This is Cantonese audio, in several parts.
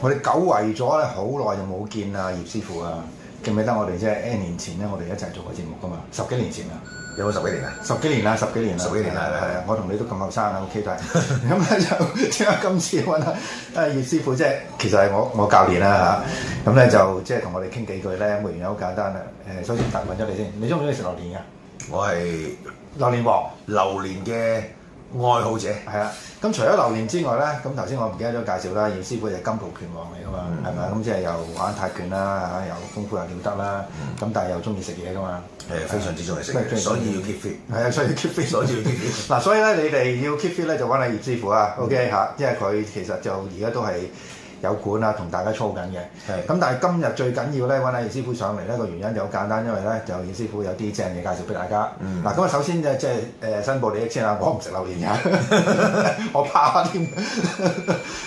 我哋久違咗咧，好耐就冇見啦，葉師傅啊，記唔記得我哋即係？N 年前咧，我哋一齊做過節目噶嘛，十幾年前啊，有冇十幾年啊？十幾年啦，十幾年啦，十幾年啦，係啊，我同你都咁後生啊，O K，就咁咧就點解今次搵下葉師傅即係。其實係我我教練啦吓，咁、啊、咧就即係同我哋傾幾句咧，原因好簡單啦。誒、啊，首先特問咗你先，你中唔中意食榴蓮噶？我係是榴蓮王，榴蓮嘅。愛好者係啊！咁除咗榴蓮之外咧，咁頭先我唔記得咗介紹啦。葉師傅係金屬拳王嚟噶嘛，係咪、嗯？咁即係又玩泰拳啦，嚇又功夫又了得啦。咁、嗯、但係又中意食嘢噶嘛？誒，非常之中意食，所以要 keep fit。係啊，所以 keep fit，所以要 keep fit。嗱，所以咧，你哋要 keep fit 咧，就揾阿葉師傅啊。OK 吓、嗯，因為佢其實就而家都係。有管啊，同大家操緊嘅。咁是的 但係今日最緊要咧，揾阿二師傅上嚟呢個原因就好簡單，因為咧就二師傅有啲正嘢介紹俾大家。嗱，咁啊，首先就即係誒，申報利益先啦。我唔食榴蓮嘅，我怕添。咁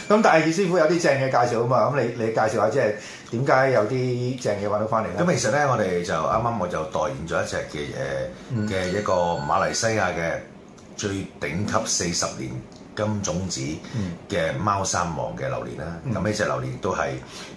但係二師傅有啲正嘅介紹啊嘛，咁你你介紹下，即係點解有啲正嘢揾到翻嚟咧？咁、嗯、其實咧，我哋就啱啱我就代言咗一隻嘅嘢，嘅、嗯、一個馬來西亞嘅最頂級四十年，金、嗯、種子嘅貓山王嘅榴蓮啦，咁呢隻榴蓮都係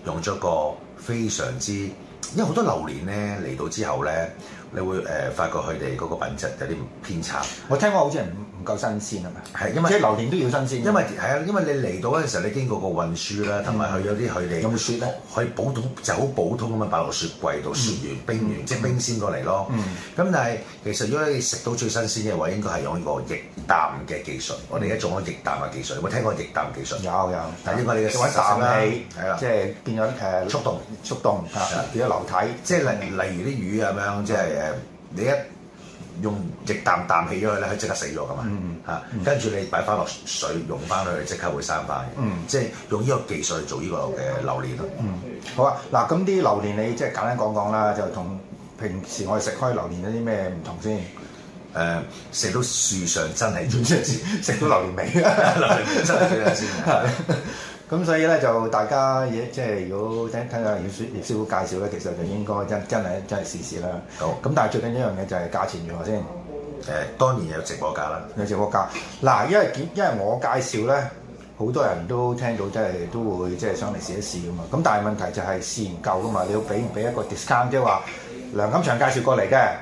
用咗個非常之，因為好多榴蓮咧嚟到之後咧，你會誒、呃、發覺佢哋個品質有啲偏差。我聽過好似係。夠新鮮啊嘛！即係榴蓮都要新鮮。因為係啊，因為你嚟到嗰陣時候，你經過個運輸啦，同埋佢有啲佢哋用雪咧，佢普通就好普通咁樣擺落雪櫃度，雪完冰完，即係冰鮮過嚟咯。咁但係其實如果你食到最新鮮嘅話，應該係用呢個液氮嘅技術。我哋而家做緊液氮嘅技術，有冇聽過液氮技術？有有。但因為你嘅凍啦，即係變咗誒速凍、速凍變咗流體。即係例例如啲魚咁樣，即係誒你一。用液啖啖氣咗佢咧，佢即刻死咗噶嘛嚇！跟住、嗯啊、你擺翻落水溶翻佢，即刻會生翻嗯，即、就、係、是、用呢個技術做呢個嘅榴蓮咯。嗯，好啊。嗱，咁啲榴蓮你即係簡單講講啦，就同平時我哋食開榴蓮有啲咩唔同先？誒、呃，食到樹上真係最正先，食、嗯、 到榴蓮味，榴蓮 真係最正先。 咁所以咧就大家嘢即係如果聽聽下葉師葉師傅介紹咧，其實就應該真真係真係試試啦。好，咁但係最緊一樣嘢就係價錢如何先。誒、欸，當然有直播價啦。有直播價。嗱，因為因為我介紹咧，好多人都聽到即係都會即係上嚟試一試噶嘛。咁但係問題就係試唔夠噶嘛，你要俾唔俾一個 discount？即係話梁錦祥介紹過嚟嘅。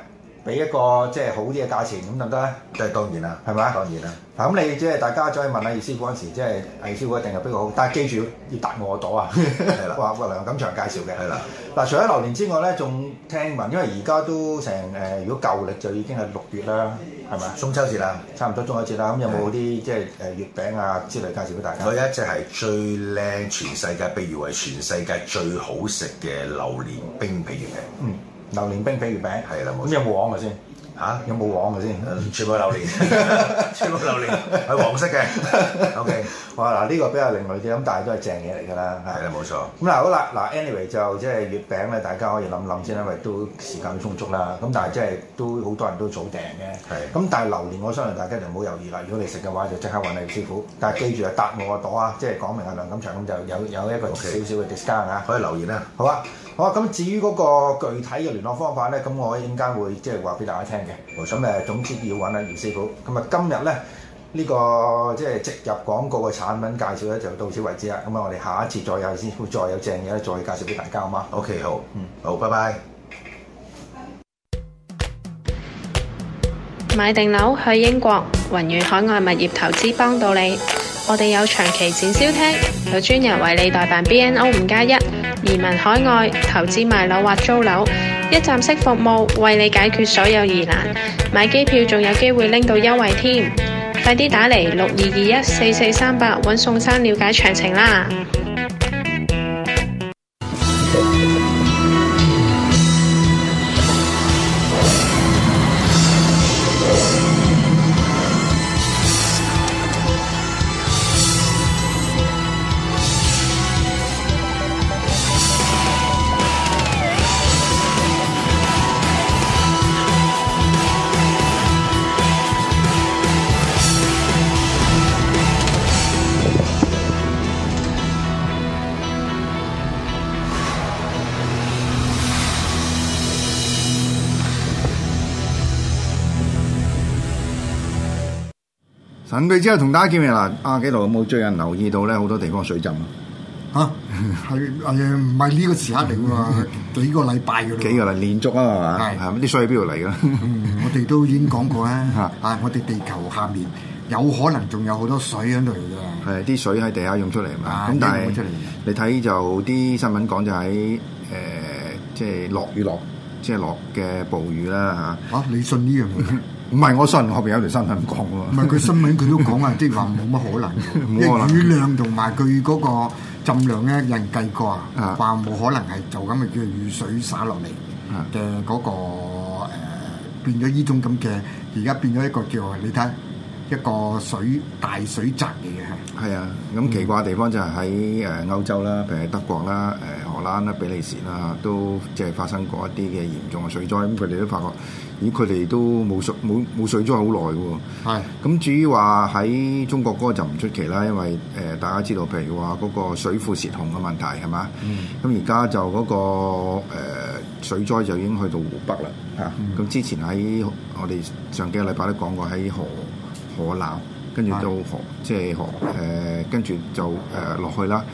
俾一個即係好啲嘅價錢咁得唔得咧？即係當然啦，係咪吧？當然啦。嗱咁、啊、你即係大家再問阿易師傅嗰陣時，即係阿易師傅一定係比較好。但係記住要答我朵啊！係啦的，哇哇！梁錦祥介紹嘅係啦。嗱的、啊，除咗榴蓮之外咧，仲聽聞，因為而家都成誒、呃，如果舊歷就已經係六月啦，係咪？中秋節啦，差唔多中秋節啦。咁、嗯、的有冇啲即係誒、呃、月餅啊之類介紹俾大家？我有一隻係最靚全世界，譬如話全世界最好食嘅榴蓮冰皮月餅。嗯。榴蓮冰皮月餅係啦，有冇黃嘅先？嚇，有冇黃嘅先？全部榴蓮，全部榴蓮，係黃色嘅。OK，哇嗱，呢個比較另類啲，咁但係都係正嘢嚟㗎啦。係啦，冇錯。咁嗱，好啦，嗱，anyway 就即係月餅咧，大家可以諗諗先，因為都時間充足啦。咁但係即係都好多人都早訂嘅。係。咁但係榴蓮，我相信大家就唔好猶豫啦。如果你食嘅話，就即刻揾你師傅。但係記住啊，搭我個朵啊，即係講明阿梁錦祥咁就有有一個少少嘅 discount 啊，可以留言啊，好啊。好啊！咁至於嗰個具體嘅聯絡方法呢，咁我一陣間會即係話俾大家聽嘅。我想，總之要揾阿姚師傅。咁啊，今日呢，呢個即係植入廣告嘅產品介紹呢，就到此為止啦。咁啊，我哋下一次再有先，會再有正嘢再介紹俾大家，好嗎？OK，好，嗯，好，拜拜。買定樓去英國，雲宇海外物業投資幫到你。嗯、我哋有長期展銷廳，有專人為你代辦 BNO 五加一。移民海外，投資賣樓或租樓，一站式服務，為你解決所有疑難，買機票仲有機會拎到優惠添，快啲打嚟六二二一四四三八搵宋生了解詳情啦！咁佢、嗯、之後同大家見面嗱，阿紀陶有冇最近留意到咧？好多地方水浸啊！係誒，唔係呢個時刻嚟嘅嘛， 幾個禮拜嘅啦。幾日嚟連續啊嘛？係是，啲水喺邊度嚟嘅？ 我哋都已經講過啦， 啊，我哋地球下面有可能仲有好多水喺度嚟嘅。係，啲水喺地下湧出嚟嘛？咁但係，你睇就啲新聞講就喺誒，即係落雨落，即係落嘅暴雨啦吓。吓、啊啊，你信呢樣嘢？唔係，我信後邊有條新聞講喎。唔係佢新聞，佢都講呀，即係話冇乜可能。 可能雨量同埋佢嗰個浸量咧，有人計過，話冇的可能係就咁嘅叫雨水灑落嚟嘅嗰個誒的、呃，變咗呢種咁嘅，而家變咗一個叫你睇。一個水大水災嘅嘢係，啊！咁奇怪嘅地方就係喺誒歐洲啦，譬、嗯、如德國啦、誒、呃、荷蘭啦、比利時啦，都即係發生過一啲嘅嚴重嘅水災。咁佢哋都發覺，咦？佢哋都冇水冇冇水災好耐嘅喎。咁係。至於話喺中國嗰個就唔出奇啦，因為誒、呃、大家知道，譬如話嗰個水庫泄洪嘅問題係嘛？咁而家就嗰、嗰個、呃、水災就已經去到湖北啦嚇。咁、嗯嗯、之前喺我哋上幾個禮拜都講過喺河。河南跟住到河即係河誒，跟住就誒落、呃呃、去啦。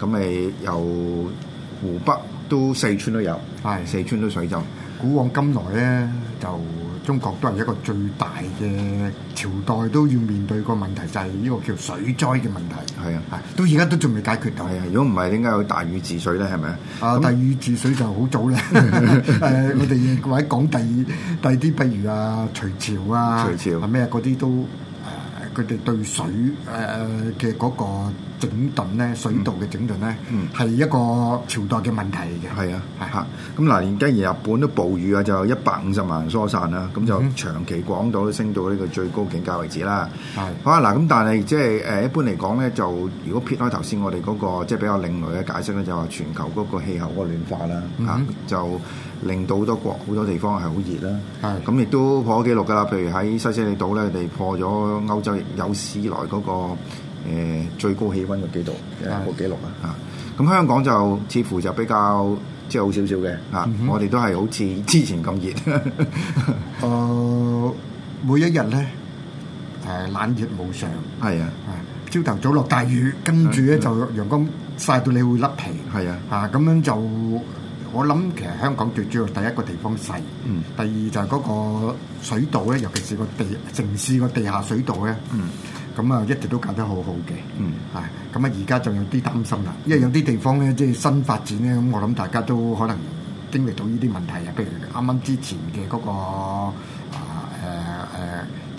咁咪由湖北都四川都有，係是四川都水浸。古往今來咧、呃、就。中國都係一個最大嘅朝代，都要面對個問題就係、是、呢個叫水災嘅問題。係啊，到而家都仲未解決到。係啊，如果唔係點解有大禹治水咧？係咪啊？啊、嗯，大禹治水就好早咧。誒，我哋或者講第二第二啲，譬如啊，隋朝啊，隋朝」，係咩嗰啲都。佢哋對水誒嘅嗰個整頓咧，水道嘅整頓咧，係一個朝代嘅問題嘅。係啊，嚇！咁嗱，而家而日本都暴雨啊，就一百五十萬人疏散啦。咁就長期廣島都升到呢個最高警戒位置啦。係啊，嗱，咁但係即係誒一般嚟講咧，就如果撇開頭先我哋嗰個即係比較另類嘅解釋咧，就話全球嗰個氣候嗰個暖化啦，嚇就。令到好多國好多地方係好熱啦，咁亦都破咗記錄噶啦。譬如喺西西里島咧，佢哋破咗歐洲有史以來嗰個誒最高氣温嘅紀錄嘅個記錄啊。咁香港就似乎就比較即係好少少嘅啊。我哋都係好似之前咁熱。誒，每一日咧係冷熱無常。係啊，朝頭早落大雨，跟住咧就陽光晒到你會甩皮。係啊，啊咁樣就～我諗其實香港最主要第一個地方細，第二就係嗰個水道咧，尤其是個地城市個地下水道咧，咁啊一直都搞得好好嘅，嚇咁啊而家就有啲擔心啦，因為有啲地方咧即係新發展咧，咁我諗大家都可能經歷到呢啲問題啊，譬如啱啱之前嘅嗰個啊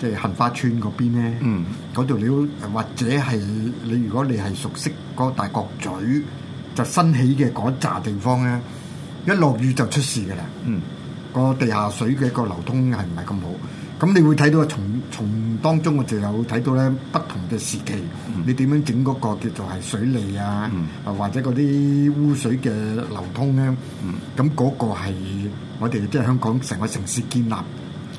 誒誒，即係杏花村嗰邊咧，嗰度你或者係你如果你係熟悉嗰個大角咀就新起嘅嗰紮地方咧。一落雨就出事嘅啦，個、嗯、地下水嘅個流通係唔係咁好？咁你會睇到從從當中我就有睇到咧不同嘅時期，嗯、你點樣整嗰個叫做係水利啊，嗯、或者嗰啲污水嘅流通咧？咁嗰、嗯、個係我哋即係香港成個城市建立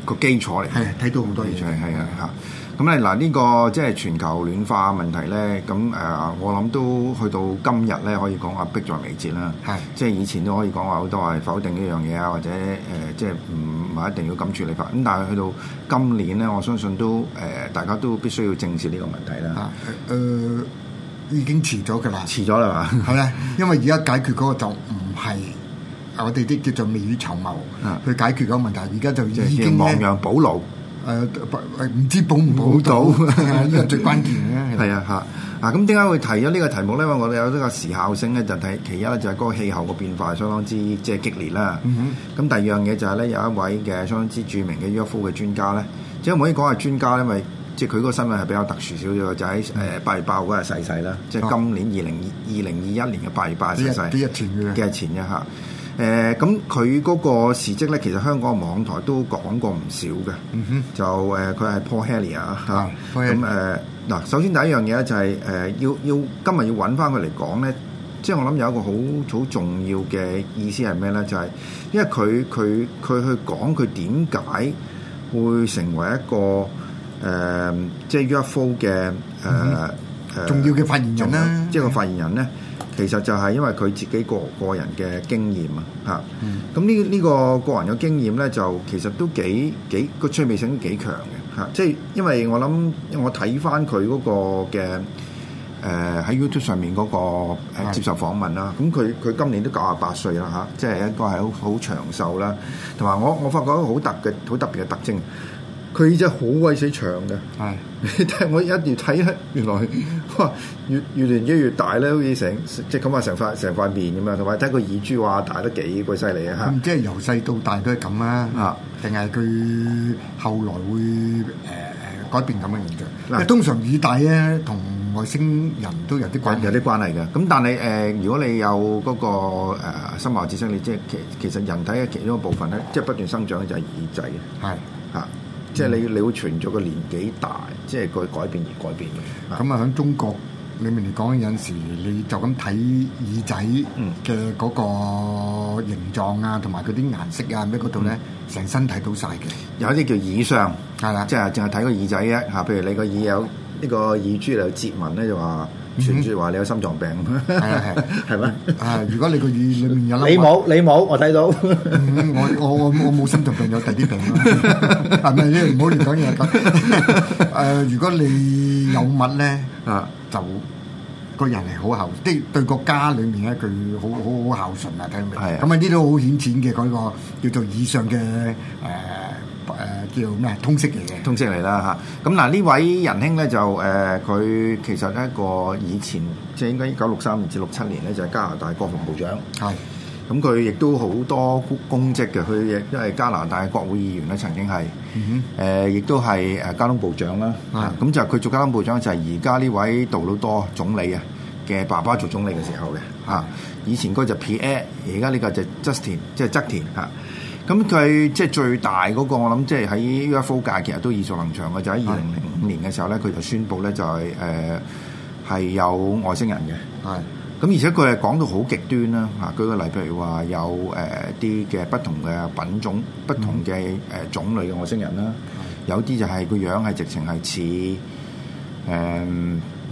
個基礎嚟，係睇到好多嘢，係係係嚇。咁咧嗱，呢個即係全球暖化問題咧，咁、呃、誒，我諗都去到今日咧，可以講話迫在眉睫啦。係唉，即係以前都可以講話好多係否定呢樣嘢啊，或者誒、呃，即係唔唔一定要咁處理法。咁但係去到今年咧，我相信都誒、呃，大家都必須要正視呢個問題啦。啊，誒，已經遲咗噶啦，遲咗啦嘛。係 啦，因為而家解決嗰個就唔係我哋啲叫做未雨綢繆唉去解決嗰個問題，而家就已經咧，亡羊補牢。誒，唔知保唔保到，呢個最關鍵嘅。係啊，嚇、嗯嗯！ 啊，咁點解會提咗呢個題目咧？因為我哋有呢個時效性咧，就睇其一咧，就係嗰個氣候個變化相當之即係、就是、激烈啦。咁、嗯、哼第二樣嘢就係咧，有一位嘅相當之著名嘅約 o 嘅專家咧，即係唔可以講下專家咧，因為即係佢嗰個新聞係比較特殊少少，就喺誒八月八號嗰日逝世啦。即、就、係、是、今年二零二零二一年嘅八月八日逝世。幾日前嘅？幾日前嘅嚇？啊誒咁佢嗰個事跡咧，其實香港網台都講過唔少嘅，mm hmm. 就誒佢係 Paul Hellyer 啊嚇，咁誒嗱首先第一樣嘢咧就係、是、誒、呃、要要今日要揾翻佢嚟講咧，即、就、係、是、我諗有一個好好重要嘅意思係咩咧？就係、是、因為佢佢佢去講佢點解會成為一個誒、呃、即 UFO 嘅重要嘅發言人啦，即係、就是、個發言人咧。Mm hmm. 其實就係因為佢自己個個人嘅經驗、嗯、啊，嚇！咁呢呢個個人嘅經驗咧，就其實都幾幾個趣味性都幾強嘅嚇、啊。即係因為我諗，我睇翻佢嗰個嘅誒喺、呃、YouTube 上面嗰個接受訪問啦。咁佢佢今年都九十八歲啦嚇、啊，即係一個係好好長壽啦。同埋我我發覺一個好特嘅好特別嘅特徵。佢耳仔好鬼死長嘅，但係我一年睇咧，原來哇越越年紀越大咧，好似成即係咁話成塊成塊面咁樣，同埋睇個耳珠啊，大得幾鬼犀利啊！咁即係由細到大都係咁啦，定係佢後來會誒、呃、改變咁嘅形象？嗱，啊、通常耳大咧同外星人都有啲關有啲關係嘅。咁但係誒、呃，如果你有嗰、那個誒生物知識，你、呃、即係其其實人體嘅其中一個部分咧，即係不斷生長嘅就係、是、耳仔嘅，係即係你，你會隨著個年紀大，即係個改變而改變嘅。咁啊、嗯，喺中國，你咪嚟講有陣時，你就咁睇耳仔嘅嗰個形狀啊，同埋佢啲顏色啊，咩嗰度咧，成身睇到晒。嘅。有啲叫耳相，係啦的，即係淨係睇個耳仔啫。嚇，譬如你耳、嗯、個耳有呢個耳珠嚟折紋咧，就話、是。傳說話你有心臟病，係啊係，係咩？啊！如果你個耳裏面有粒，你冇你冇，我睇到。 我我我冇心臟病，有第啲病咯。係咪 你唔好亂講嘢。誒、呃，如果你有物咧，啊， 就個人係好孝，即係對個家裏面咧，佢好好好孝順啊， 聽唔明？係。咁啊， 呢啲都好顯淺嘅，嗰個叫做以上嘅誒。呃誒叫咩通識嚟嘅？通識嚟啦嚇！咁嗱、啊、呢位仁兄咧就誒，佢、呃、其實一個以前即係應該一九六三年至六七年咧就係、是、加拿大國防部長。係咁、嗯，佢亦都好多公職嘅。佢亦都係加拿大嘅國會議員咧，曾經係誒、嗯哼呃，亦都係誒交通部長啦。咁、嗯啊、就佢做交通部長就係而家呢位杜魯多總理啊，嘅爸爸做總理嘅時候嘅嚇、啊。以前嗰隻 Pierre，而家呢個就 Justin，即係側田嚇。咁佢即係最大嗰個，我諗即係喺 UFO 界其實都耳熟能詳嘅，就喺二零零五年嘅時候咧，佢就宣布咧就係誒係有外星人嘅。係咁，而且佢係講到好極端啦嚇。舉個例，譬如話有誒啲嘅不同嘅品種、不同嘅誒、呃、種類嘅外星人啦，係。有啲就係個樣係直情係似誒。呃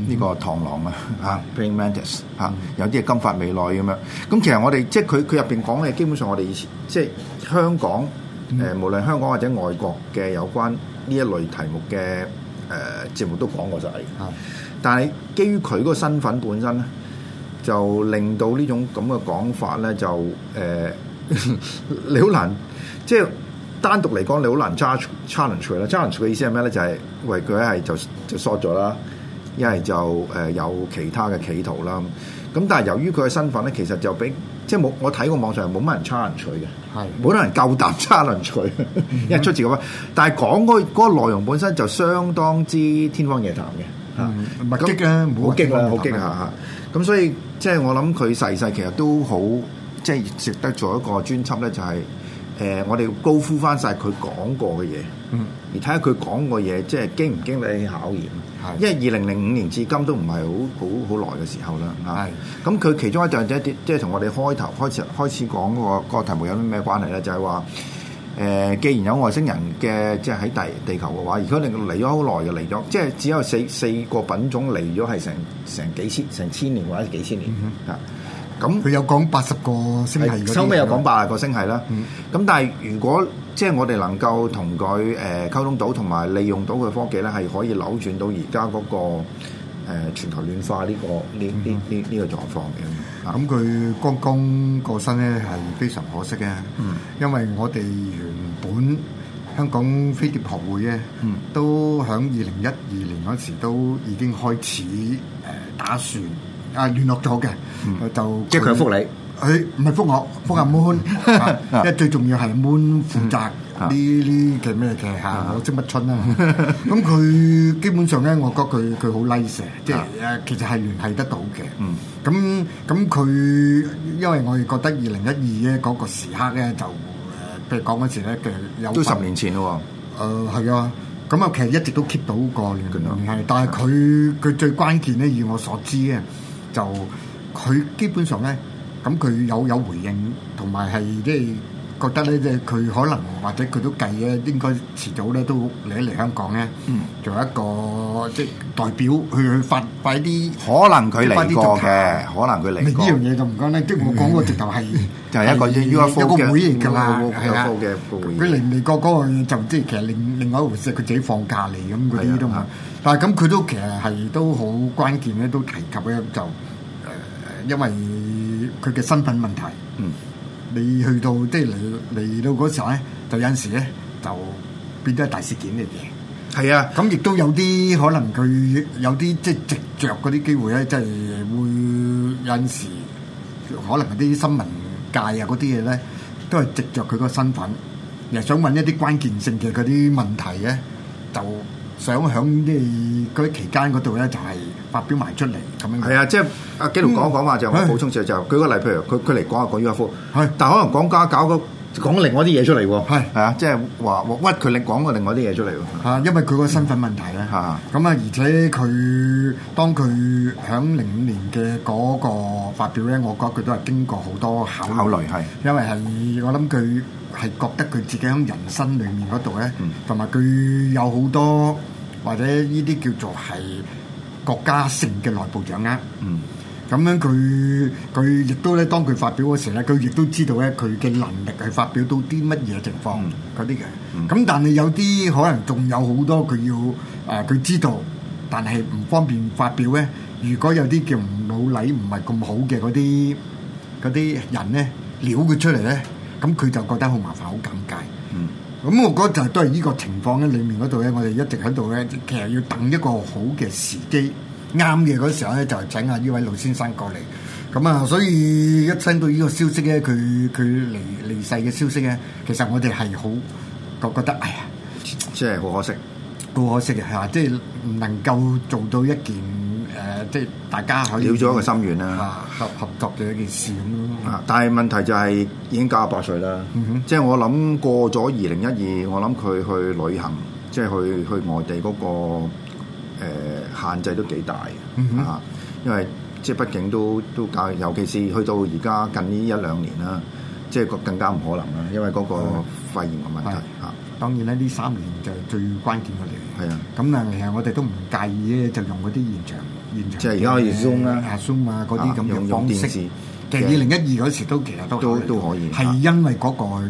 呢個螳螂、mm hmm. 啊，啊，Praying Mantis 啊，mm hmm. 有啲係金髮美女咁樣。咁其實我哋即係佢佢入邊講嘅基本上我，我哋以前即係香港誒、mm hmm. 呃，無論香港或者外國嘅有關呢一類題目嘅誒節目都講過曬。Mm hmm. 但係基於佢個身份本身咧，就令到這種這呢種咁嘅講法咧，就誒、呃、你好難即係單獨嚟講你好難 challenge challenge 佢啦、mm。Hmm. Challenge 嘅意思係咩咧？就係、是、喂佢係就就縮咗啦。一係就誒有其他嘅企圖啦，咁但係由於佢嘅身份咧，其實就比即係冇我睇過網上冇乜人差人取嘅，係冇的人夠膽差人取，因一出自咁，嗯、但係講嗰嗰個內容本身就相當之天方夜譚嘅嚇，唔、嗯、激嘅，唔好激啦，好激嚇嚇，咁所以即係、就是、我諗佢細細其實都好即係值得做一個專輯咧、就是呃，就係誒我哋高呼翻晒佢講過嘅嘢，嗯，而睇下佢講過嘢即係經唔經得起考驗。是因為二零零五年至今都唔係好好好耐嘅時候啦，咁佢是的、嗯、其中一就即係同我哋開頭開始開始講、那個、這個題目有啲咩關係咧？就係話誒，既然有外星人嘅，即係喺地地球嘅話，而佢哋嚟咗好耐就嚟咗，即係只有四四個品種嚟咗係成成幾千成千年或者幾千年啊。咁佢、嗯、哼的有講八十個星係，收尾有講八十個星係啦。咁、嗯嗯、但係如果即係我哋能夠同佢誒溝通到，同埋利用到佢科技咧，係可以扭轉到而家嗰個、呃、全球暖化呢、這個呢啲呢個狀況嘅。咁佢剛剛過身咧，係非常可惜嘅。嗯、因為我哋原本香港飛碟學會咧，嗯、都喺二零一二年嗰時都已經開始誒打算啊聯絡咗嘅，嗯、就他即係佢福利。佢唔係科學，科學 moon，因為最重要係 moon 負責呢啲嘅咩嘅吓，我識乜春啦。咁佢基本上咧，我覺得佢佢好 nice，即係誒，其實係聯繫得到嘅。嗯，咁咁佢因為我哋覺得二零一二咧嗰個時刻咧就誒，譬如講嗰時咧嘅有都十年前咯喎。誒係啊，咁啊，其實一直都 keep 到過聯繫，但係佢佢最關鍵咧，以我所知咧，就佢基本上咧。咁佢有有回應，同埋係即係覺得咧，即係佢可能或者佢都計咧，應該遲早咧都嚟一嚟香港咧，做一個即係代表去去發快啲可能佢嚟過嘅，可能佢嚟過。你呢樣嘢就唔講咧，即係我講個直頭係就係一個一個一個會嘅嘛，係啊。佢嚟嚟過嗰個就即係其實另另外一回事，佢自己放假嚟咁嗰啲都嘛。但係咁佢都其實係都好關鍵咧，都提及咧就呃因為。佢嘅身份問題，嗯，你去到即係嚟嚟到嗰時候咧，就有陣時咧就變咗係大事件嘅嘢，係啊，咁亦都有啲可能佢有啲即係藉着嗰啲機會咧，即係會有陣時可能啲新聞界啊嗰啲嘢咧，都係藉着佢個身份，又想問一啲關鍵性嘅嗰啲問題咧，就想響即係嗰啲期間嗰度咧就係、是。發表埋出嚟咁樣，係啊，即係阿紀陶講講話就我補充就就舉個例，譬如佢佢嚟講下講 UFO，但係可能講家搞個講另外啲嘢出嚟喎，係，啊，即係話屈佢嚟講個另外啲嘢出嚟喎，因為佢個身份問題咧，嚇，咁啊，而且佢當佢響零五年嘅嗰個發表咧，我覺得佢都係經過好多考慮，考慮係，因為係我諗佢係覺得佢自己響人生裡面嗰度咧，同埋佢有好多或者呢啲叫做係。國家性嘅內部掌握，嗯，咁樣佢佢亦都咧，當佢發表嘅時候咧，佢亦都知道咧，佢嘅能力係發表到啲乜嘢情況嗰啲嘅，咁但係有啲可能仲有好多佢要誒，佢、呃、知道，但係唔方便發表咧。如果有啲叫唔老禮、唔係咁好嘅嗰啲啲人咧，撩佢出嚟咧，咁佢就覺得好麻煩，好尷尬。咁、嗯、我覺得就都係依個情況咧，裏面嗰度咧，我哋一直喺度咧，其實要等一個好嘅時機，啱嘅嗰時候咧，就係、是、請下呢位老先生過嚟。咁、嗯、啊，所以一聽到呢個消息咧，佢佢離離世嘅消息咧，其實我哋係好覺覺得，哎呀，即係好可惜，好可惜嘅，係嘛？即係唔能夠做到一件。誒，即係大家可以了咗一個心願啦，合合作嘅一件事咁。但係問題就係已經九十八歲啦，即係、嗯、哼我諗過咗二零一二，我諗佢去旅行，即係去去外地嗰個、呃、限制都幾大啊，嗯、哼因為即係畢竟都都搞，尤其是去到而家近呢一兩年啦，即係更加唔可能啦，因為嗰個肺炎嘅問題啊。嗯、哼當然咧，呢三年就係最關鍵嘅年。係啊的，咁啊，其實我哋都唔介意咧，就用嗰啲現場。即係而家亞松啊、亞松啊嗰啲咁嘅方式，其實二零一二嗰時都其實都都都可以，係因為嗰個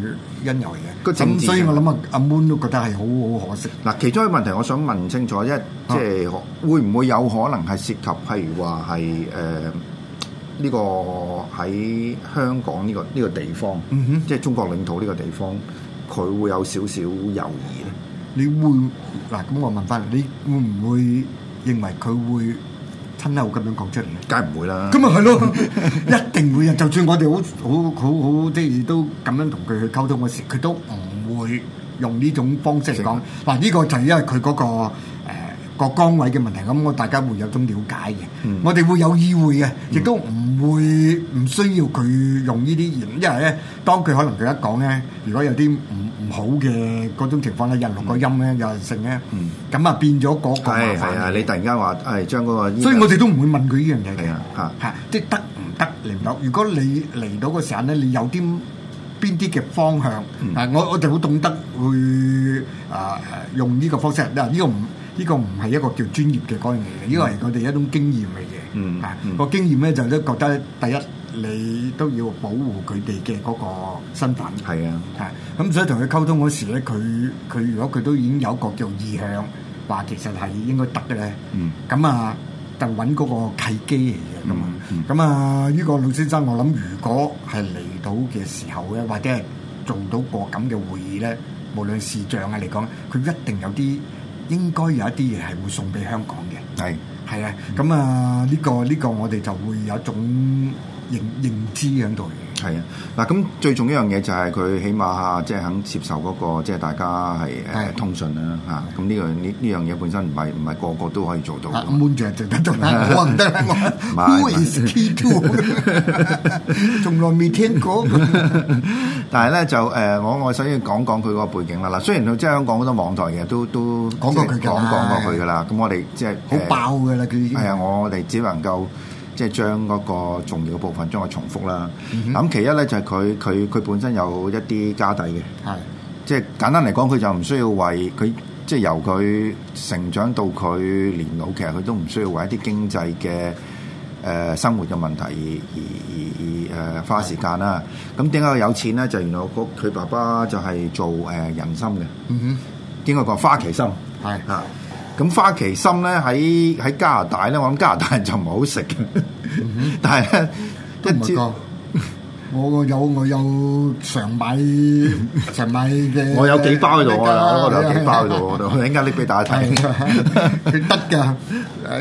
因由嘅個政治。咁所以我諗啊，阿 moon 都覺得係好好可惜。嗱，其中一個問題，我想問清楚啫，即係會唔會有可能係涉及，譬如話係誒呢個喺香港呢個呢個地方，即係中國領土呢個地方，佢會有少少猶豫咧？你會，嗱，咁，我問翻你，你會唔會認為佢會？親口咁樣講出嚟梗係唔會啦。咁咪係咯，一定會啊！就算我哋好好好好即係都咁樣同佢去溝通嗰時，佢都唔會用呢種方式嚟講。嗱，呢個就係因為佢嗰個。各崗位嘅問題，咁我大家會有種瞭解嘅。我哋會有意會嘅，亦都唔會唔需要佢用呢啲言，因為咧，當佢可能佢一講咧，如果有啲唔唔好嘅嗰種情況咧，有人錄個音咧，有人剩咧，咁啊變咗個個麻煩。係係係，你突然間話係將嗰個，所以我哋都唔會問佢呢樣嘢嘅。嚇嚇，即係得唔得嚟唔到？如果你嚟到個時候咧，你有啲邊啲嘅方向？啊，我我就好懂得會啊用呢個方式。嗱，呢個唔～呢個唔係一個叫專業嘅嗰樣嘢嘅，呢、這個係我哋一種經驗嚟嘅。嗯，啊個經驗咧就都覺得，第一你都要保護佢哋嘅嗰個身份。係、嗯嗯、啊，啊、嗯、咁所以同佢溝通嗰時咧，佢佢如果佢都已經有個叫意向，話其實係應該得嘅咧。嗯，咁啊就揾嗰個契機嚟嘅咁啊。咁啊，呢個老先生，我諗如果係嚟到嘅時候咧，或者係做到過咁嘅會議咧，無論視像啊嚟講，佢一定有啲。應該有一啲嘢係會送俾香港嘅，係係啊，咁啊呢個呢個我哋就會有一種認認知喺度。係啊，嗱，咁最重要一樣嘢就係佢起碼即係肯接受嗰個即係大家係通訊啦，嚇，咁呢個呢呢樣嘢本身唔係唔係個個都可以做到。m 得同我從來未聽過。但係咧就誒，我我所以講講佢嗰個背景啦。嗱，雖然即係香港好多網台嘢都都講過佢講講過佢噶啦，咁我哋即係好爆噶啦。佢係啊，我哋只能夠。即係將嗰個重要部分，將佢重複啦。咁、嗯、哼其一咧就係佢佢佢本身有一啲家底嘅。係的，即係簡單嚟講，佢就唔需要為佢即係由佢成長到佢年老，其實佢都唔需要為一啲經濟嘅誒、呃、生活嘅問題而而而、呃、花時間啦。咁點解佢有錢咧？就原來佢爸爸就係做誒人參嘅。嗯、哼，經過個花旗參係啊。的咁花旗參咧，喺喺加拿大咧，我諗加拿大人就唔好食嘅。但係咧，都唔知我有我有常買常買嘅。我有幾包喺度啊，我有幾包喺度，我陣間拎俾大家睇。得嘅，誒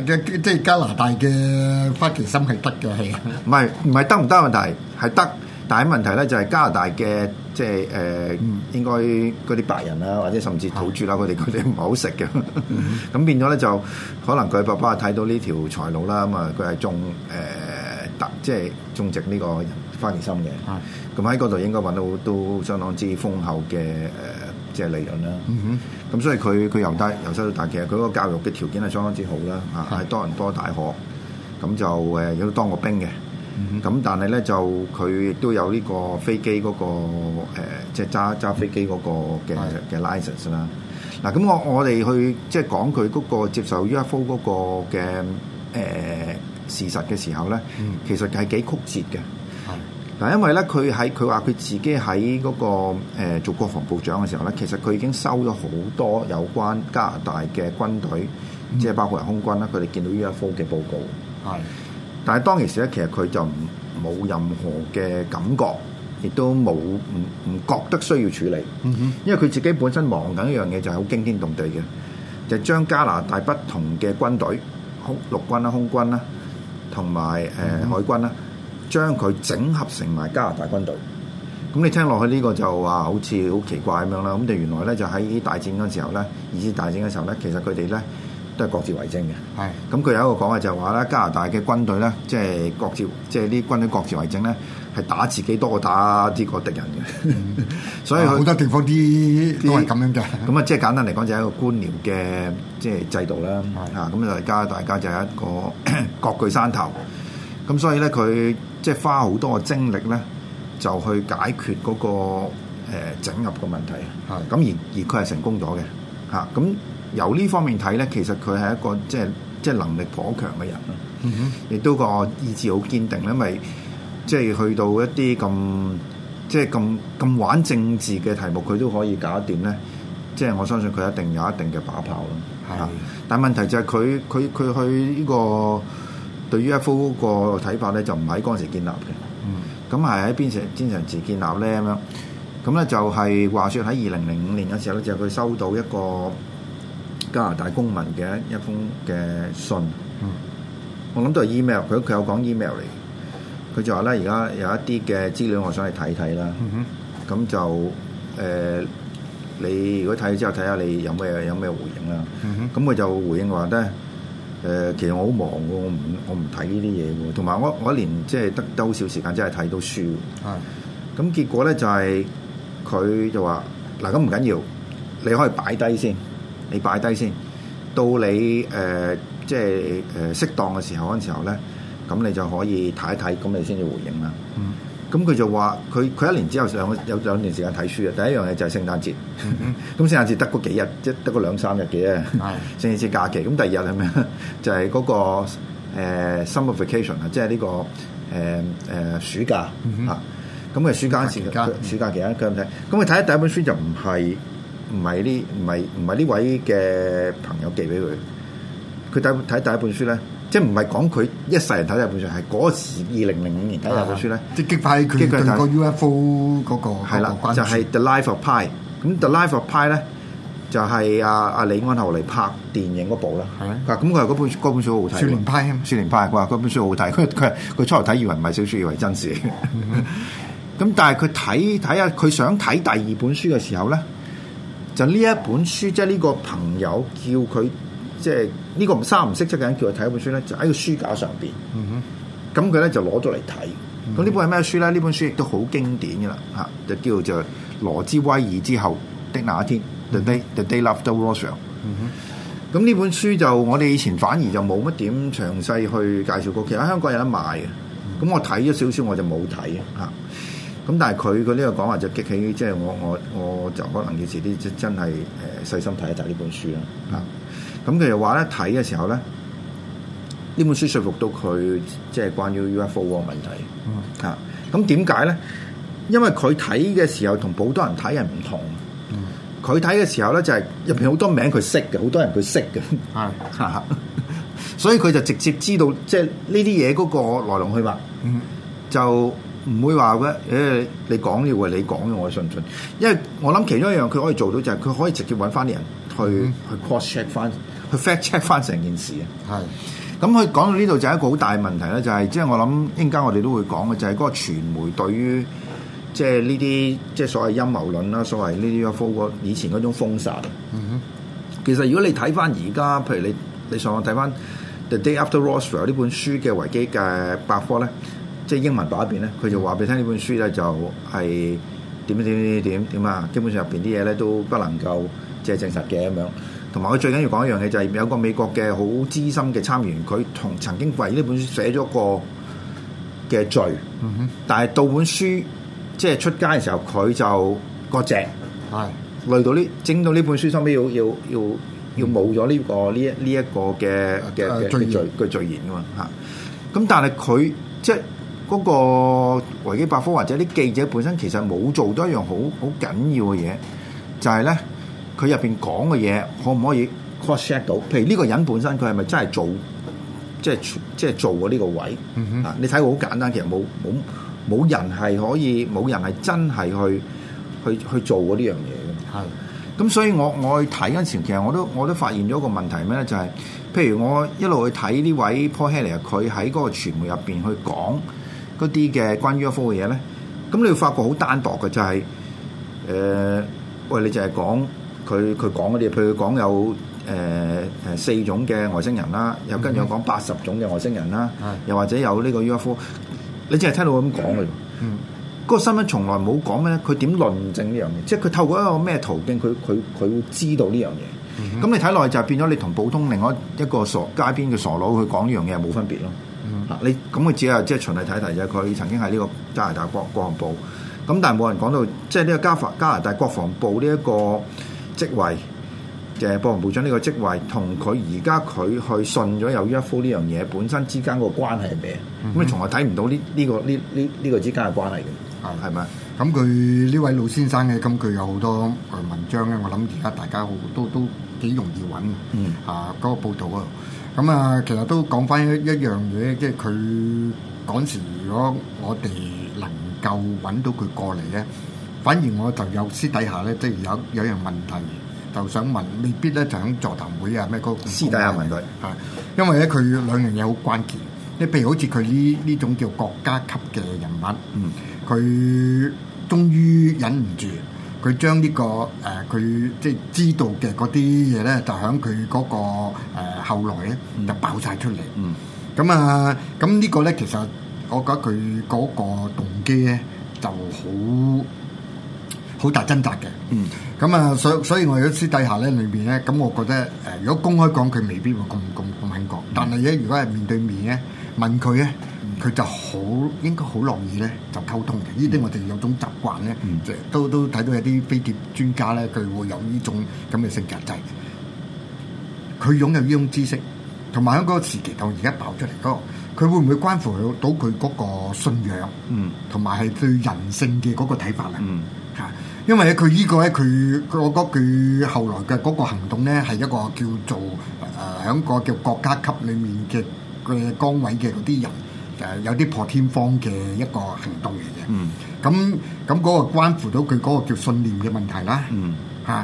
嘅即係加拿大嘅花旗參係得嘅，係。唔係，唔係得唔得問題，係得，但係問題咧就係加拿大嘅。即係誒、呃，應該嗰啲白人啦，或者甚至土著啦，佢哋佢哋唔係好食嘅。咁 變咗咧，就可能佢爸爸睇到呢條財路啦。咁、嗯、啊，佢係種誒特，即係種植呢個花旗參嘅。咁喺嗰度應該揾到都相當之豐厚嘅誒、呃，即係利潤啦。咁、嗯、所以佢佢由大由細到大，其實佢嗰個教育嘅條件係相當之好啦。嚇、啊，係多人多大學，咁就誒有、呃、當過兵嘅。咁、嗯嗯、但係咧就佢亦都有呢個飛機嗰、那個即係揸揸飛機嗰個嘅嘅 license 啦。嗱咁我我哋去即係講佢嗰個接受 UFO 嗰個嘅誒、呃、事實嘅時候咧，其實係幾曲折嘅。嗱、嗯，因為咧佢喺佢話佢自己喺嗰、那個、呃、做國防部長嘅時候咧，其實佢已經收咗好多有關加拿大嘅軍隊，即係、嗯、包括空軍啦，佢哋見到 UFO 嘅報告。係、嗯。嗯。但係當其時咧，其實佢就唔冇任何嘅感覺，亦都冇唔唔覺得需要處理。因為佢自己本身忙緊一樣嘢，就係好驚天動地嘅，就將加拿大不同嘅軍隊空陸軍啦、空軍啦，同埋誒海軍啦，將佢整合成埋加拿大軍隊。咁你聽落去呢個就話好似好奇怪咁樣啦。咁就原來咧就喺大戰嗰時候咧，二次大戰嘅時候咧，其實佢哋咧。都係各自為政嘅。係咁的，佢有一個講話就係話咧，加拿大嘅軍隊咧，即、就、係、是、各自，即係啲軍隊各自為政咧，係打自己多過打啲個敵人嘅。 所以他 好多地方啲都係咁樣嘅。咁啊，即係簡單嚟講，就係一個官僚嘅，即係制度啦。係的啊，咁就而家大家就係一個 各據山頭。咁所以咧，佢即係花好多精力咧，就去解決嗰、那個、呃、整合嘅問題。係咁的，而而佢係成功咗嘅。嚇、啊、咁。由呢方面睇咧，其實佢係一個即係即係能力頗強嘅人亦、mm hmm. 都個意志好堅定，因為即係去到一啲咁即係咁咁玩政治嘅題目，佢都可以搞一掂咧。即係我相信佢一定有一定嘅把炮咯。係、mm hmm. 啊、但問題就係佢佢佢去、這個去這個、呢個對於 UFO 個睇法咧，就唔喺嗰陣時建立嘅。嗯、mm，咁係喺邊時邊陣時建立咧？咁樣咁咧就係、是、話說喺二零零五年嘅時候咧，就佢收到一個。加拿大公民嘅一封嘅信，嗯、我諗都係 email。佢佢有講 email 嚟，佢就話咧：而家有一啲嘅資料，我想去睇睇啦。咁、嗯、哼就誒、呃，你如果睇咗之後，睇下你有咩有咩回應啦。咁佢、嗯、哼就回應話咧：誒、呃，其實我好忙嘅，我唔我唔睇呢啲嘢嘅。同埋我我一年即係得得好少時間，真係睇到書。係咁、嗯、結果咧就係、是、佢就話：嗱，咁唔緊要，你可以擺低先。你擺低先，到你誒、呃、即係誒、呃呃、適當嘅時候嗰陣時候咧，咁你就可以睇一睇，咁你先至回應啦。咁佢、嗯、就話佢佢一年之後兩有兩有兩段時間睇書啊！第一樣嘢就係聖誕節，咁、嗯嗯、 聖誕節得嗰幾日，即得嗰兩三日嘅啫。聖誕節假期，咁第二日係咩？就係、是、嗰、那個 summer vacation 啊，即係呢、這個誒誒、呃、暑假嚇。咁係暑假時間，暑假期啊，跟唔跟？咁佢睇第一本書就唔係。唔係呢？唔係唔係呢位嘅朋友寄俾佢。佢睇睇第一本書咧，即係唔係講佢一世人睇第一本書，係嗰時二零零五年睇第一本書咧。書是是是是即係派佢對、嗰個 UFO 嗰是個啦，就係 The Life of Pi。咁 The Life of Pi 咧、啊，就係阿阿李安後嚟拍電影嗰部啦。係咁佢係嗰本本書好睇。雪蓮派佢話嗰本書好睇。佢佢佢初頭睇以為唔係小說，以為真事。咁、mm hmm. 但係佢睇睇下，佢想睇第二本書嘅時候咧。就呢一本書，即係呢個朋友叫佢，即係呢個唔三唔識七嘅人叫佢睇一本書咧，就喺個書架上邊。咁佢咧就攞咗嚟睇。咁、mm hmm. 呢本係咩書咧？呢本書亦都好經典嘅啦。嚇，就叫做《羅茲威爾之後的那一天》，The Day The Day After Roswell。咁呢本書就我哋以前反而就冇乜點詳細去介紹過。其、啊、實香港有得賣嘅。咁、mm hmm. 我睇咗少少，我就冇睇啊。咁但係佢佢呢個講話就激起，即係我我我就可能要遲啲真真係誒細心睇一睇呢本書啦嚇。咁佢又話咧睇嘅時候咧，呢本書說服到佢，即係關於 UFO 嘅問題嚇。咁點解咧？因為佢睇嘅時候同好多人睇係唔同。佢睇嘅時候咧就係入邊好多名佢識嘅，好多人佢識嘅。係、嗯， 所以佢就直接知道即係呢啲嘢嗰個來龍去脈。就。唔會話嘅，誒、欸、你講嘅話你講嘅，我信唔信？因為我諗其中一樣佢可以做到就係佢可以直接揾翻啲人去、嗯、去 cross check 翻，去 fact check 翻成件事啊。係是。咁佢講到呢度就係一個好大問題咧，就係即係我諗應該我哋都會講嘅，就係、是、嗰個傳媒對於即係呢啲即係所謂陰謀論啦，所謂呢啲以前嗰種封殺啊。哼、嗯。嗯、其實如果你睇翻而家，譬如你你上網睇翻 The Day After Roswell 呢本書嘅維基嘅百科咧。即係英文版入邊咧，佢就話俾你聽呢本書咧就係點點點點點啊！基本上入邊啲嘢咧都不能夠即係證實嘅咁樣。同埋佢最緊要講一樣嘢就係、是、有個美國嘅好資深嘅參議員，佢同曾經為呢本書寫咗個嘅序，嗯、哼但係到本書即係出街嘅時候，佢就割席係累到呢整到呢本書，收尾要要要要冇咗呢個呢、嗯、一呢一,一,一個嘅嘅序、啊、序個序言噶嘛嚇。咁、啊、但係佢即係。嗰個維基百科或者啲記者本身其實冇做多一樣好好緊要嘅嘢，就係咧佢入邊講嘅嘢可唔可以 cross check 到？譬如呢個人本身佢係咪真係做即係即係做過呢個位？嗯哼，啊、你睇好簡單嘅，冇冇冇人係可以冇人係真係去去去做過呢樣嘢嘅。係的，咁所以我我去睇嗰陣時，其實我都我都發現咗一個問題咩咧？就係、是、譬如我一路去睇呢位 Paul Hellyer 佢喺嗰個傳媒入邊去講，嗰啲嘅關於 UFO 嘅嘢咧，咁你會發覺好單薄嘅就係、是，誒、呃，喂，你就係講佢佢講嗰啲，譬如講有誒誒、呃、四種嘅外星人啦，又跟住又講八十種嘅外星人啦，mm hmm. 又或者有呢個 UFO，你淨係聽到咁講嘅。嗯、mm，嗰、hmm. 個新聞從來冇講咩，佢點論證呢樣嘢？即係佢透過一個咩途徑，佢佢佢會知道呢樣嘢。咁、mm hmm. 你睇落就係變咗，你同普通另外一個傻街邊嘅傻佬去講呢樣嘢冇分別咯。嗯，啊、你咁佢只係即係循例睇睇咋，佢曾經喺呢個加拿大國國防部，咁但係冇人講到，即係呢個加防加拿大國防部呢一個職位，誒，國防部長呢個職位，同佢而家佢去信咗有 UFO 呢樣嘢本身之間個關係係咩？咁你、嗯嗯、從來睇唔到呢呢、呢個呢呢呢個之間嘅關係嘅，啊、嗯，係咪？咁佢呢位老先生嘅，咁佢有好多文章咧，我諗而家大家好多都，都幾容易揾，嗯，啊，嗰、嗰個報道度。咁啊，其實都講翻一一樣嘢，即係佢嗰時，如果我哋能夠揾到佢過嚟咧，反而我就有私底下咧，即係有有樣問題就想問，未必咧就喺座談會啊咩，嗰個私底下問佢嚇、啊，因為咧佢兩樣嘢好關鍵，即譬如好似佢呢呢種叫國家級嘅人物，嗯，佢終於忍唔住。佢將呢個誒，佢、呃、即係知道嘅嗰啲嘢咧，就喺佢嗰個誒、呃、後來咧就爆晒出嚟。嗯，咁啊，咁呢個咧其實我覺得佢嗰個動機咧就好好大掙扎嘅。嗯，咁啊，所以所以，我哋喺私底下咧裏面咧，咁我覺得誒、呃，如果公開講，佢未必會咁咁咁肯講。但係咧，如果係面對面咧問佢咧。佢就好應該好樂意咧，就溝通嘅。呢啲我哋有種習慣咧，即、嗯、都都睇到有啲飛碟專家咧，佢會有呢種咁嘅性格就制。佢擁有呢種知識，同埋喺嗰個時期當而家爆出嚟嗰個，佢會唔會關乎到佢嗰個信仰？嗯，同埋係對人性嘅嗰個睇法啊。嗯，因為咧佢呢個咧，佢我覺得佢後來嘅嗰個行動咧，係一個叫做誒，喺、呃、個叫國家級裡面嘅嘅崗位嘅嗰啲人。就有啲破天荒嘅一個行動嚟嘅，咁咁嗰個關乎到佢嗰個叫信念嘅問題啦，嚇、嗯，誒、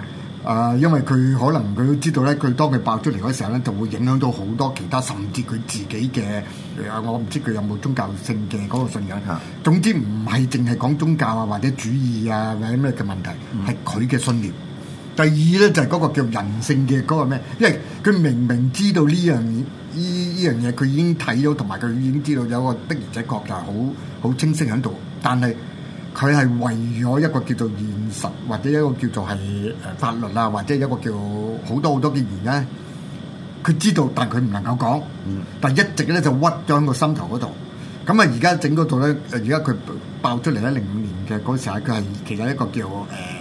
啊，因為佢可能佢都知道咧，佢當佢爆出嚟嗰時候咧，就會影響到好多其他，甚至佢自己嘅，我唔知佢有冇宗教性嘅嗰個信仰。嗯、總之唔係淨係講宗教啊，或者主義啊，或者咩嘅問題，係佢嘅信念。第二咧就係嗰個叫人性嘅嗰個咩？因為佢明明知道呢樣呢呢樣嘢，佢已經睇到，同埋佢已經知道有個的而且確就係好好清晰喺度。但係佢係為咗一個叫做現實，或者一個叫做係誒法律啊，或者一個叫好多好多嘅原因，佢知道，但佢唔能夠講。但一直咧就屈咗喺個心頭嗰度。咁啊，而家整嗰度咧，而家佢。爆出嚟咧，零五年嘅嗰時候，佢係其實一個叫誒試、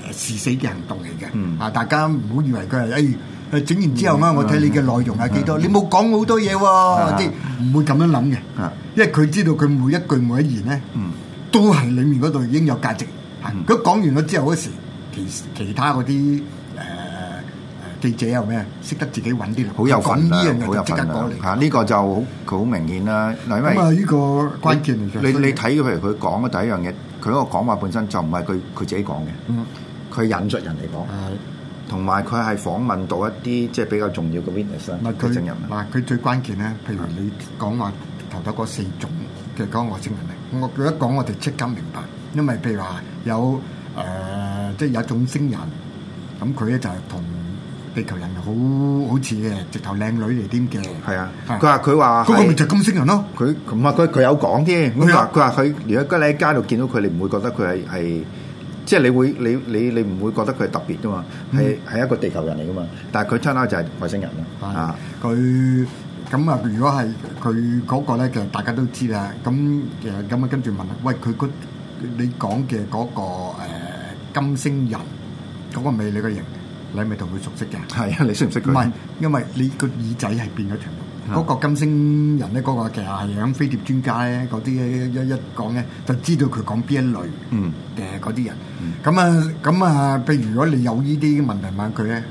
呃、死嘅行動嚟嘅。啊、嗯，大家唔好以為佢係誒整完之後啊，嗯、我睇你嘅內容係幾多，嗯、你冇講好多嘢喎、哦，我知唔、嗯、會咁樣諗嘅。嗯、因為佢知道佢每一句每一言咧，都係裡面嗰度已經有價值。佢講、嗯、完咗之後嗰時，其其他嗰啲。記者有咩識得自己揾啲好有份啊！好有份啊！嚇呢個就好佢好明顯啦。咁啊，呢個關鍵嚟嘅。你你睇譬如佢講嘅第一樣嘢，佢嗰個講話本身就唔係佢佢自己講嘅。嗯。佢引出人嚟講。係。同埋佢係訪問到一啲即係比較重要嘅 Witness 啊，外星人。嗱，佢最關鍵咧，譬如你講話頭頭嗰四種嘅講外星人咧，我佢一講我哋即刻明白，因為譬如話有誒，即係有一種星人咁，佢咧就係同。地球人又好好似嘅，直頭靚女嚟添嘅。係啊，佢話佢話嗰個咪就係金星人咯。佢唔啊，佢佢有講啫。佢話佢話佢，如果你喺街度見到佢，你唔會覺得佢係係，即係你會你你你唔會覺得佢係特別噶嘛？係係一個地球人嚟噶嘛？但係佢差唔多就係外星人咯。啊，佢咁啊，如果係佢嗰個咧，其實大家都知啦。咁誒咁啊，跟住問啊，喂，佢嗰你講嘅嗰個誒金星人嗰個美女嘅型？你咪同佢熟悉嘅，係 啊是，你識唔識佢？唔係，因為你個耳仔係變咗長，嗰、嗯、個金星人咧，嗰、個其實係喺飛碟專家咧，嗰啲一一一講咧，就知道佢講邊一類，嗯，定嗰啲人。咁啊，咁啊，譬如如果你有呢啲問題問佢咧，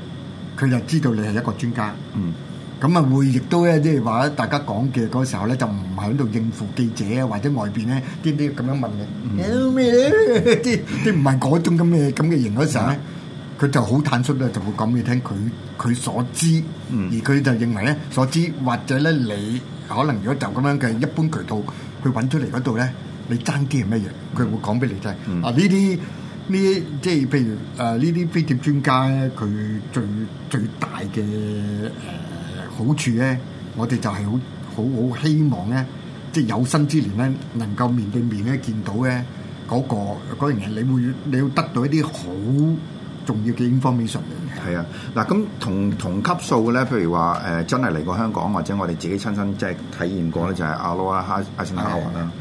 佢就知道你係一個專家。嗯，咁啊會亦都咧，即係話大家講嘅嗰時候咧，就唔喺度應付記者啊，或者外邊咧啲啲咁樣問你，啲即唔係嗰種咁嘅咁嘅型嘅時候陣。嗯佢就好坦率咧，就會講俾你聽，佢佢所知，嗯，而佢就認為咧所知，或者咧你可能如果就咁樣嘅一般渠道，佢揾出嚟嗰度咧，你爭啲係乜嘢？佢會講俾你聽。啊，呢啲呢，即係譬如誒，呢啲飛碟專家咧，佢最最大嘅誒好處咧，我哋就係好好好希望咧，即係有生之年咧，能夠面對面咧見到咧嗰個嗰樣嘢，你會你要得到一啲好。重要幾英方美術嘅，係啊！嗱咁同同級數咧，譬如話誒、呃，真係嚟過香港或者我哋自己親身即係體驗過咧，嗯、就係阿羅阿艾艾森哈啦。係、嗯。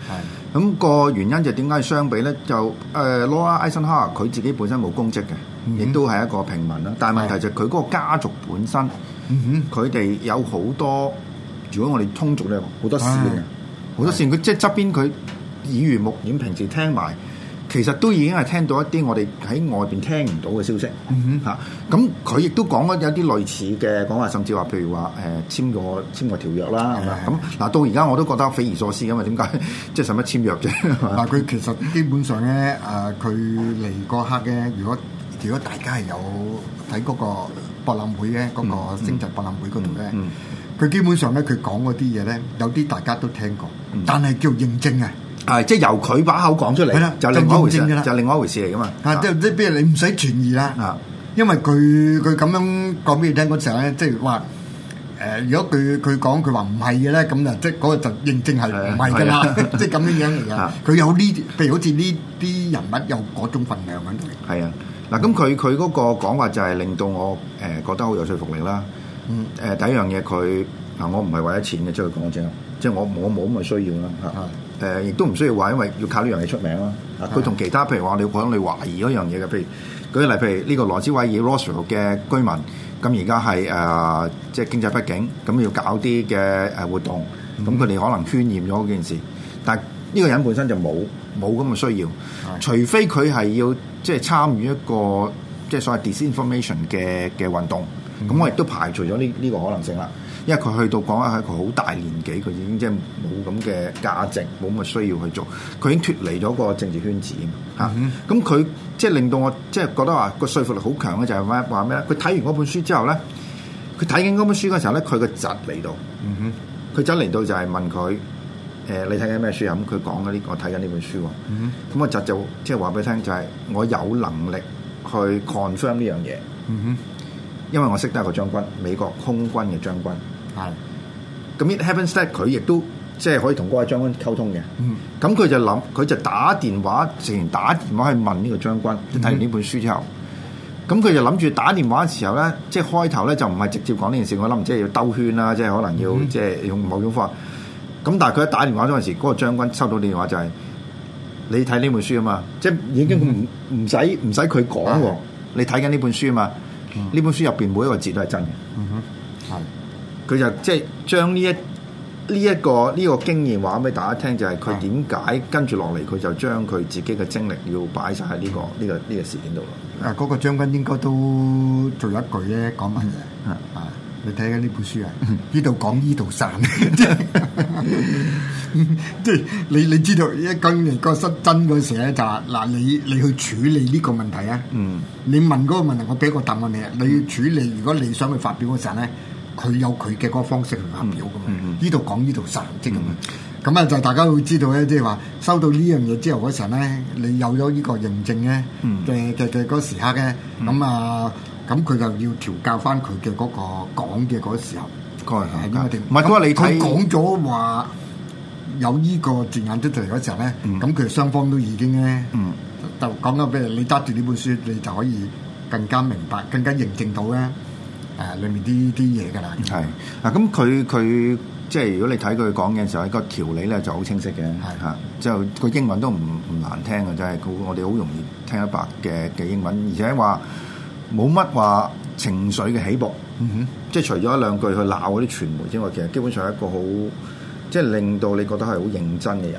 咁、嗯，那個原因就點解相比咧？就誒、呃、羅阿艾森哈佢自己本身冇公職嘅，亦都係一個平民啦。但係問題就係佢嗰個家族本身，佢哋、嗯、哼有好多。如果我哋通俗咧，好多事，嘅、啊，好多事。佢的的即係側邊佢耳濡目染，平時聽埋。聽其實都已經係聽到一啲我哋喺外邊聽唔到嘅消息，嚇咁佢亦都講咗有啲類似嘅講話，甚至話譬如話誒、呃、簽個簽個條約啦，係咪咁？嗱，到而家我都覺得匪夷所思，因為點解即係使乜簽約啫？嗱、 啊，佢其實基本上咧，誒佢嚟嗰刻咧，如果如果大家係有睇嗰個博覽會咧，嗰、嗯嗯、個星際博覽會嗰度咧，佢、嗯嗯嗯、基本上咧佢講嗰啲嘢咧，有啲大家都聽過，但係叫認證啊！係，即係由佢把口講出嚟，就另外一回事啦，就另外一回事嚟噶嘛。啊，即係即係，你唔使存疑啦。啊，因為佢佢咁樣講俾你聽嗰時候咧，即係話誒，如果佢佢講佢話唔係嘅咧，咁就即係嗰個就認證係唔係噶啦，即係咁樣樣嚟噶。佢有呢，譬如好似呢啲人物有嗰種份量咁。係啊，嗱，咁佢佢嗰個講法就係令到我誒覺得好有說服力啦。誒，第一樣嘢，佢啊，我唔係為咗錢嘅，即係佢講證，即係我我冇咁嘅需要啦。誒，亦都唔需要話，因為要靠呢樣嘢出名咯。佢同、啊、其他，譬如話你可能你懷疑嗰樣嘢嘅，譬如舉例，譬如呢個羅斯威爾 Roswell 嘅居民，咁而家係誒，即、呃、係、就是、經濟不景，咁要搞啲嘅誒活動，咁佢哋可能渲染咗嗰件事。但係呢個人本身就冇冇咁嘅需要，啊、除非佢係要即係、就是、參與一個即係、就是、所謂 disinformation 嘅嘅運動，咁、嗯、我亦都排除咗呢呢個可能性啦。因為佢去到講緊係佢好大年紀，佢已經即係冇咁嘅價值，冇咁嘅需要去做，佢已經脫離咗個政治圈子啊！咁佢、mm hmm. 嗯、即係令到我即係覺得話個說服力好強嘅就係咩話咩咧？佢睇完嗰本書之後咧，佢睇緊嗰本書嗰時候咧，佢個侄嚟到，佢侄嚟到就係問佢，誒、呃，你睇緊咩書？咁佢、嗯、講嗰啲，我睇緊呢本書喎，咁個、mm hmm. 嗯嗯、侄就即係話俾你聽，就係、是、我有能力去 confirm 呢樣嘢，mm hmm. 因為我識得一個將軍，美國空軍嘅將軍。係咁，in heaven stack 佢亦都即係可以同嗰個將軍溝通嘅。咁佢就諗，佢就打電話，成日打電話去問呢個將軍。睇完呢本書之後，咁佢就諗住打電話嘅時候咧，即係開頭咧就唔係直接講呢件事。我諗即係要兜圈啦，即係可能要即係用某種方法。咁但係佢一打電話嗰陣時，嗰、那個將軍收到電話就係、是、你睇呢本書啊嘛，即係已經唔唔使唔使佢講喎。你睇緊呢本書啊嘛，呢本書入邊每一個字都係真嘅、嗯。嗯佢就即係將呢一呢一個呢、這個經驗話俾大家聽，就係佢點解跟住落嚟，佢就將佢自己嘅精力要擺晒喺呢個呢、這個呢、這個事件度咯。啊，嗰、那個將軍應該都做一句咧，講乜嘢？是啊你睇緊呢本書啊，呢度講，呢度散、 嗯。即、就、係、是、你你知道，一軍人個失真嗰時咧就嗱、是，你你去處理呢個問題啊？嗯，你問嗰個問題，我俾個答案你啊。你要處理，如果你想去發表嗰時候咧。佢有佢嘅嗰個方式去發表㗎嘛？呢度講呢度散即咁啊！咁啊就大家會知道咧，即係話收到呢樣嘢之後嗰陣咧，你有咗呢個認證咧嘅嘅嘅嗰時刻咧，咁啊咁佢就要調教翻佢嘅嗰個講嘅嗰時候。嗰個係唔係，嗰個係佢講咗話有呢個字眼出嚟嗰時候咧，咁佢哋雙方都已經咧，就講緊譬如你揸住呢本書，你就可以更加明白、更加認證到咧。誒，裏面啲啲嘢㗎啦。係啊，咁佢佢即係如果你睇佢講嘅時候，一個條理咧就好清晰嘅。係，就個英文都唔唔難聽嘅，就係，我哋好容易聽得白嘅嘅英文，而且話冇乜話情緒嘅起伏。嗯哼，即係除咗一兩句去鬧嗰啲傳媒之外，其實基本上係一個好，即係令到你覺得係好認真嘅人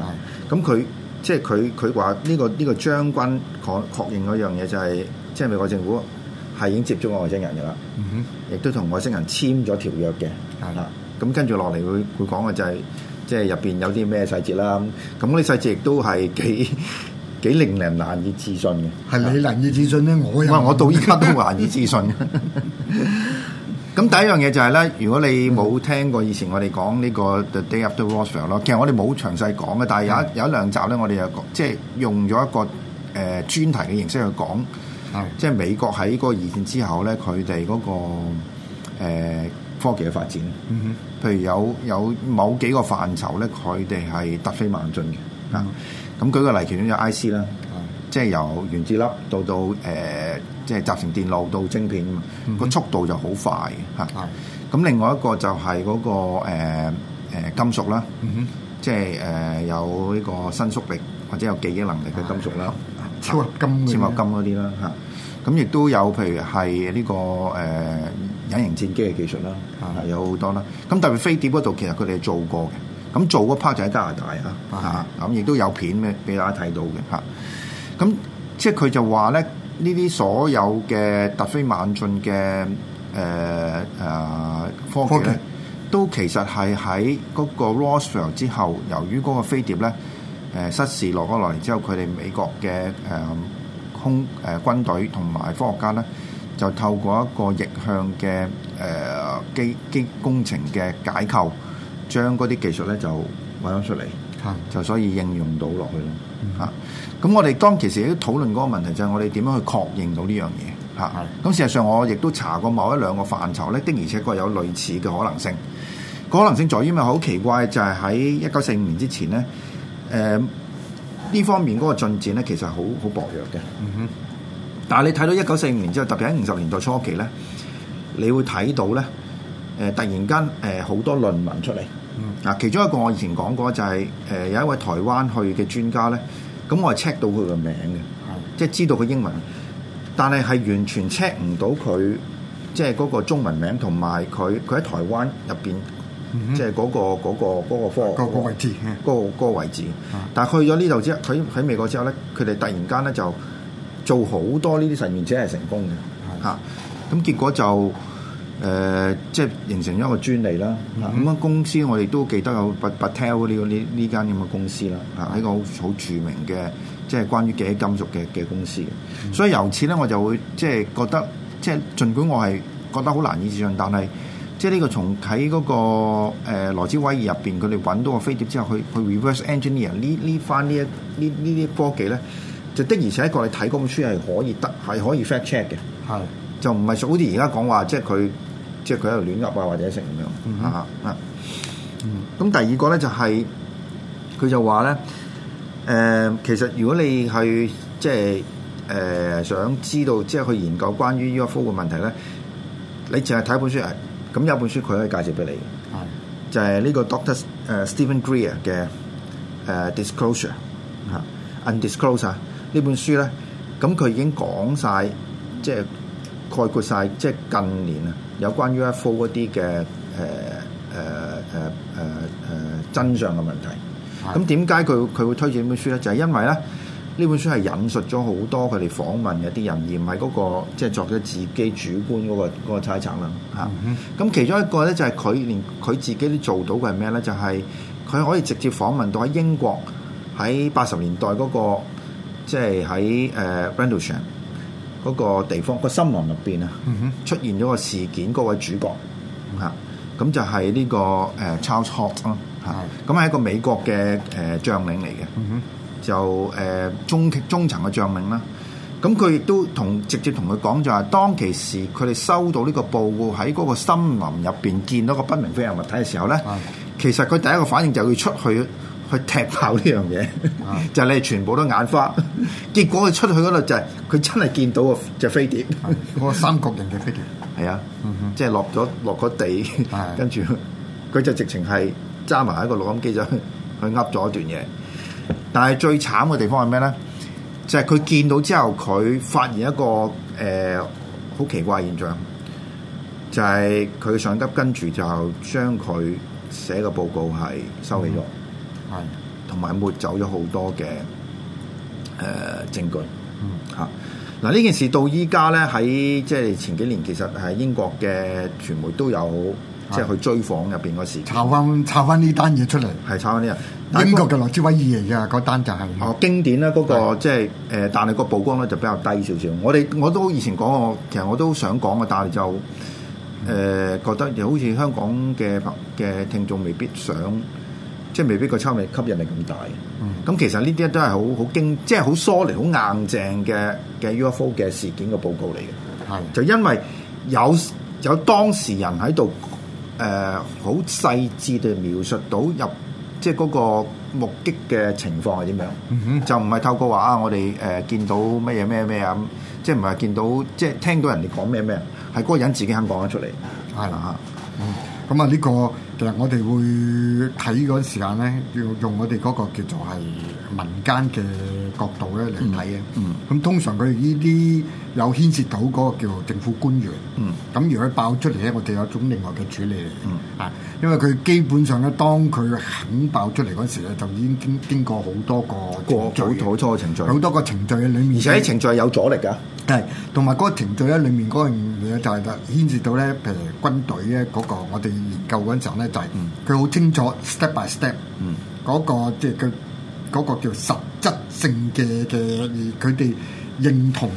啊，咁佢係即係佢佢話呢個呢個將軍確確認嗰樣嘢就係即係美國政府。係已經接觸過外星人㗎啦，亦都同外星人簽咗條約嘅。嗱，咁跟住落嚟，會會講嘅就係即係入邊有啲咩細節啦。咁嗰啲細節亦都係幾幾令人難以置信嘅。係，你難以置信咧，我我到依家都難以置信。咁第一樣嘢就係咧，如果你冇聽過以前我哋講呢個 The Day After Roswell 咯，其實我哋冇詳細講嘅，但係有一有一兩集咧，我哋又講，即係用咗一個誒專題嘅形式去講。即係美國喺嗰個二戰之後咧，佢哋嗰個、呃、科技嘅發展，譬如有有某幾個範疇咧，佢哋係突飛猛進嘅，嗯、啊，咁舉個例有 IC、啊，其中就 IC 啦，即係由原子粒到到誒、呃，即係集成電路到晶片，個、嗯、速度就好快嘅咁、啊啊、另外一個就係嗰、嗰個誒、呃呃、金屬啦、啊，即係誒、呃、有呢個伸縮力或者有記憶能力嘅金屬啦。啊啊超合金、超合金嗰啲啦嚇，咁亦都有譬如係呢、這個誒、呃、隱形戰機嘅技術啦嚇，有好多啦。咁特別飛碟嗰度其實佢哋係做過嘅，咁做嗰 part 就喺加拿大啊嚇，咁亦都有片咧俾大家睇到嘅嚇。咁即係佢就話咧，呢啲所有嘅突飛猛進嘅誒誒科技咧，技都其實係喺嗰個 Roswell 之後，由於嗰個飛碟咧。誒、呃、失事落咗落嚟之後，佢哋美國嘅誒、呃、空誒、呃、軍隊同埋科學家咧，就透過一個逆向嘅誒、呃、機機工程嘅解構，將嗰啲技術咧就搵咗出嚟，就所、啊、以應用到落去咯嚇。咁、嗯啊、我哋當其實當其時喺討論嗰個問題，就係我哋點樣去確認到呢樣嘢嚇。咁、啊的啊、事實上，我亦都查過某一兩個範疇咧，的而且確有類似嘅可能性。個可能性在於咩？好奇怪就係喺一九四五年之前咧。誒呢方面嗰個進展咧，其實係好好薄弱嘅。嗯、哼，但係你睇到一九四五年之後，特別喺五十年代初期咧，你會睇到咧，誒、呃、突然間誒好多論文出嚟。嗱、嗯，其中一個我以前講過就係、是、誒、呃、有一位台灣去嘅專家咧，咁我係 check 到佢嘅名嘅，嗯、即係知道佢英文，但係係完全 check 唔到佢即係嗰個中文名同埋佢佢喺台灣入邊。即係嗰、那個嗰、那個那個科學嗰個位置，嗰、那個那個位置。但係去咗呢度之後，喺喺美國之後咧，佢哋突然間咧就做好多呢啲實驗，且係成功嘅嚇。咁是、啊、結果就誒、呃，即係形成咗一個專利啦。咁、啊、樣、那個、公司我哋都記得有 Battelle、這、呢、個、呢呢、這、間、個、咁嘅、這個、公司啦、啊，一個好著名嘅，即係關於記憶金屬嘅嘅公司。嗯、所以由此咧，我就會即係覺得，即係儘管我係覺得好難以置信，但係。即係呢個重喺嗰個誒、呃、羅茲威爾入邊，佢哋揾到個飛碟之後，去去 reverse engineer 呢呢翻呢一呢呢啲科技咧，就的而且確你睇嗰本書係可以得，係可以 fact check 嘅。係是的 就唔係好似而家講話，即係佢即係佢喺度亂噏啊，或者成咁樣啊、嗯、哼 啊。咁、啊嗯、第二個咧就係、是、佢就話咧誒，其實如果你係即係誒、呃、想知道，即係去研究關於 UFO 嘅問題咧，你淨係睇本書啊！咁有本書佢可以介紹俾你嘅，的就係呢個 Doctor 誒 Stephen Greer 嘅誒、uh, Disclosure 嚇、uh, Undisclosed 呢、uh, 本書咧，咁佢已經講晒，即、就、係、是、概括晒，即、就、係、是、近年啊有關於 UFO 啲嘅誒誒誒誒誒真相嘅問題。咁點解佢佢會推薦呢本書咧？就係、是、因為咧。呢本書係引述咗好多佢哋訪問一啲人，而唔係嗰個即係、就是、作咗自己主觀嗰個嗰個猜測啦嚇。咁、啊嗯、哼其中一個咧就係、是、佢連佢自己都做到嘅係咩咧？就係、是、佢可以直接訪問到喺英國喺八十年代嗰、那個即係喺誒 Rendlesham 嗰個地方、那個森林入邊啊，嗯、哼出現咗個事件嗰個主角嚇，咁、啊、就係呢、這個誒、呃、Charles Halt 咯嚇，咁係、嗯、哼一個美國嘅誒將領嚟嘅。嗯哼就誒、呃、中中層嘅將領啦，咁佢亦都同直接同佢講就係，當其時佢哋收到呢個報告喺嗰個森林入邊見到個不明飛行物體嘅時候咧，的其實佢第一個反應就要出去去踢爆呢樣嘢，的 就係你哋全部都眼花，結果佢出去嗰度就係、係、佢真係見到個隻飛碟，嗰個三角形嘅飛碟，係啊， 即係落咗落個地，的跟住佢就直情係揸埋喺個錄音機就去噏咗一段嘢。但係最慘嘅地方係咩咧？就係、是、佢見到之後，佢發現一個誒好、呃、奇怪現象，就係、是、佢上級跟住就將佢寫嘅報告係收起咗，係同埋抹走咗好多嘅誒、呃、證據。嚇、嗯！嗱呢、啊、件事到依家咧，喺即係前幾年其實係英國嘅傳媒都有的即係去追訪入邊嗰時，查翻查翻呢單嘢出嚟，係查翻呢人。英國嘅《羅斯威爾》嚟嘅嗰單就係、是、哦，經典啦，嗰、那個即係誒，是但係個曝光咧就比較低少少。我哋我都以前講過，其實我都想講嘅，但係就誒、呃、覺得就好似香港嘅嘅聽眾未必想，即係未必個吸引吸引力咁大。咁是其實呢啲都係好好經，即係好疏離、好、就是、硬淨嘅嘅 UFO 嘅事件嘅報告嚟嘅。係是，就因為有有當事人喺度誒，好、呃、細緻地描述到入。即係嗰個目擊嘅情況係點樣？嗯哼，就唔係透過話啊，我哋誒見到乜嘢咩咩啊，即係唔係見到即係聽到人哋講咩咩，係嗰個人自己肯講得出嚟。係啦吓嗯，咁啊呢個。其實我哋會睇嗰陣時間咧，要用我哋嗰個叫做係民間嘅角度咧嚟睇嘅。嗯，咁通常佢哋呢啲有牽涉到嗰個叫政府官員。嗯，咁如果爆出嚟咧，我哋有種另外嘅處理。嗯，啊，因為佢基本上咧，當佢肯爆出嚟嗰時咧，就已經經經過好多個早好多嘅程序，好多個程序嘅裏面，而且程序係有阻力㗎。係，同埋嗰個程序咧，裡面嗰樣嘢就係啦，牽涉到咧，譬如軍隊咧嗰個，我哋研究嗰時候咧就係、是，佢好、嗯、清楚 step by step，嗰、嗯那個即係佢嗰個叫實質性嘅嘅，佢哋認同，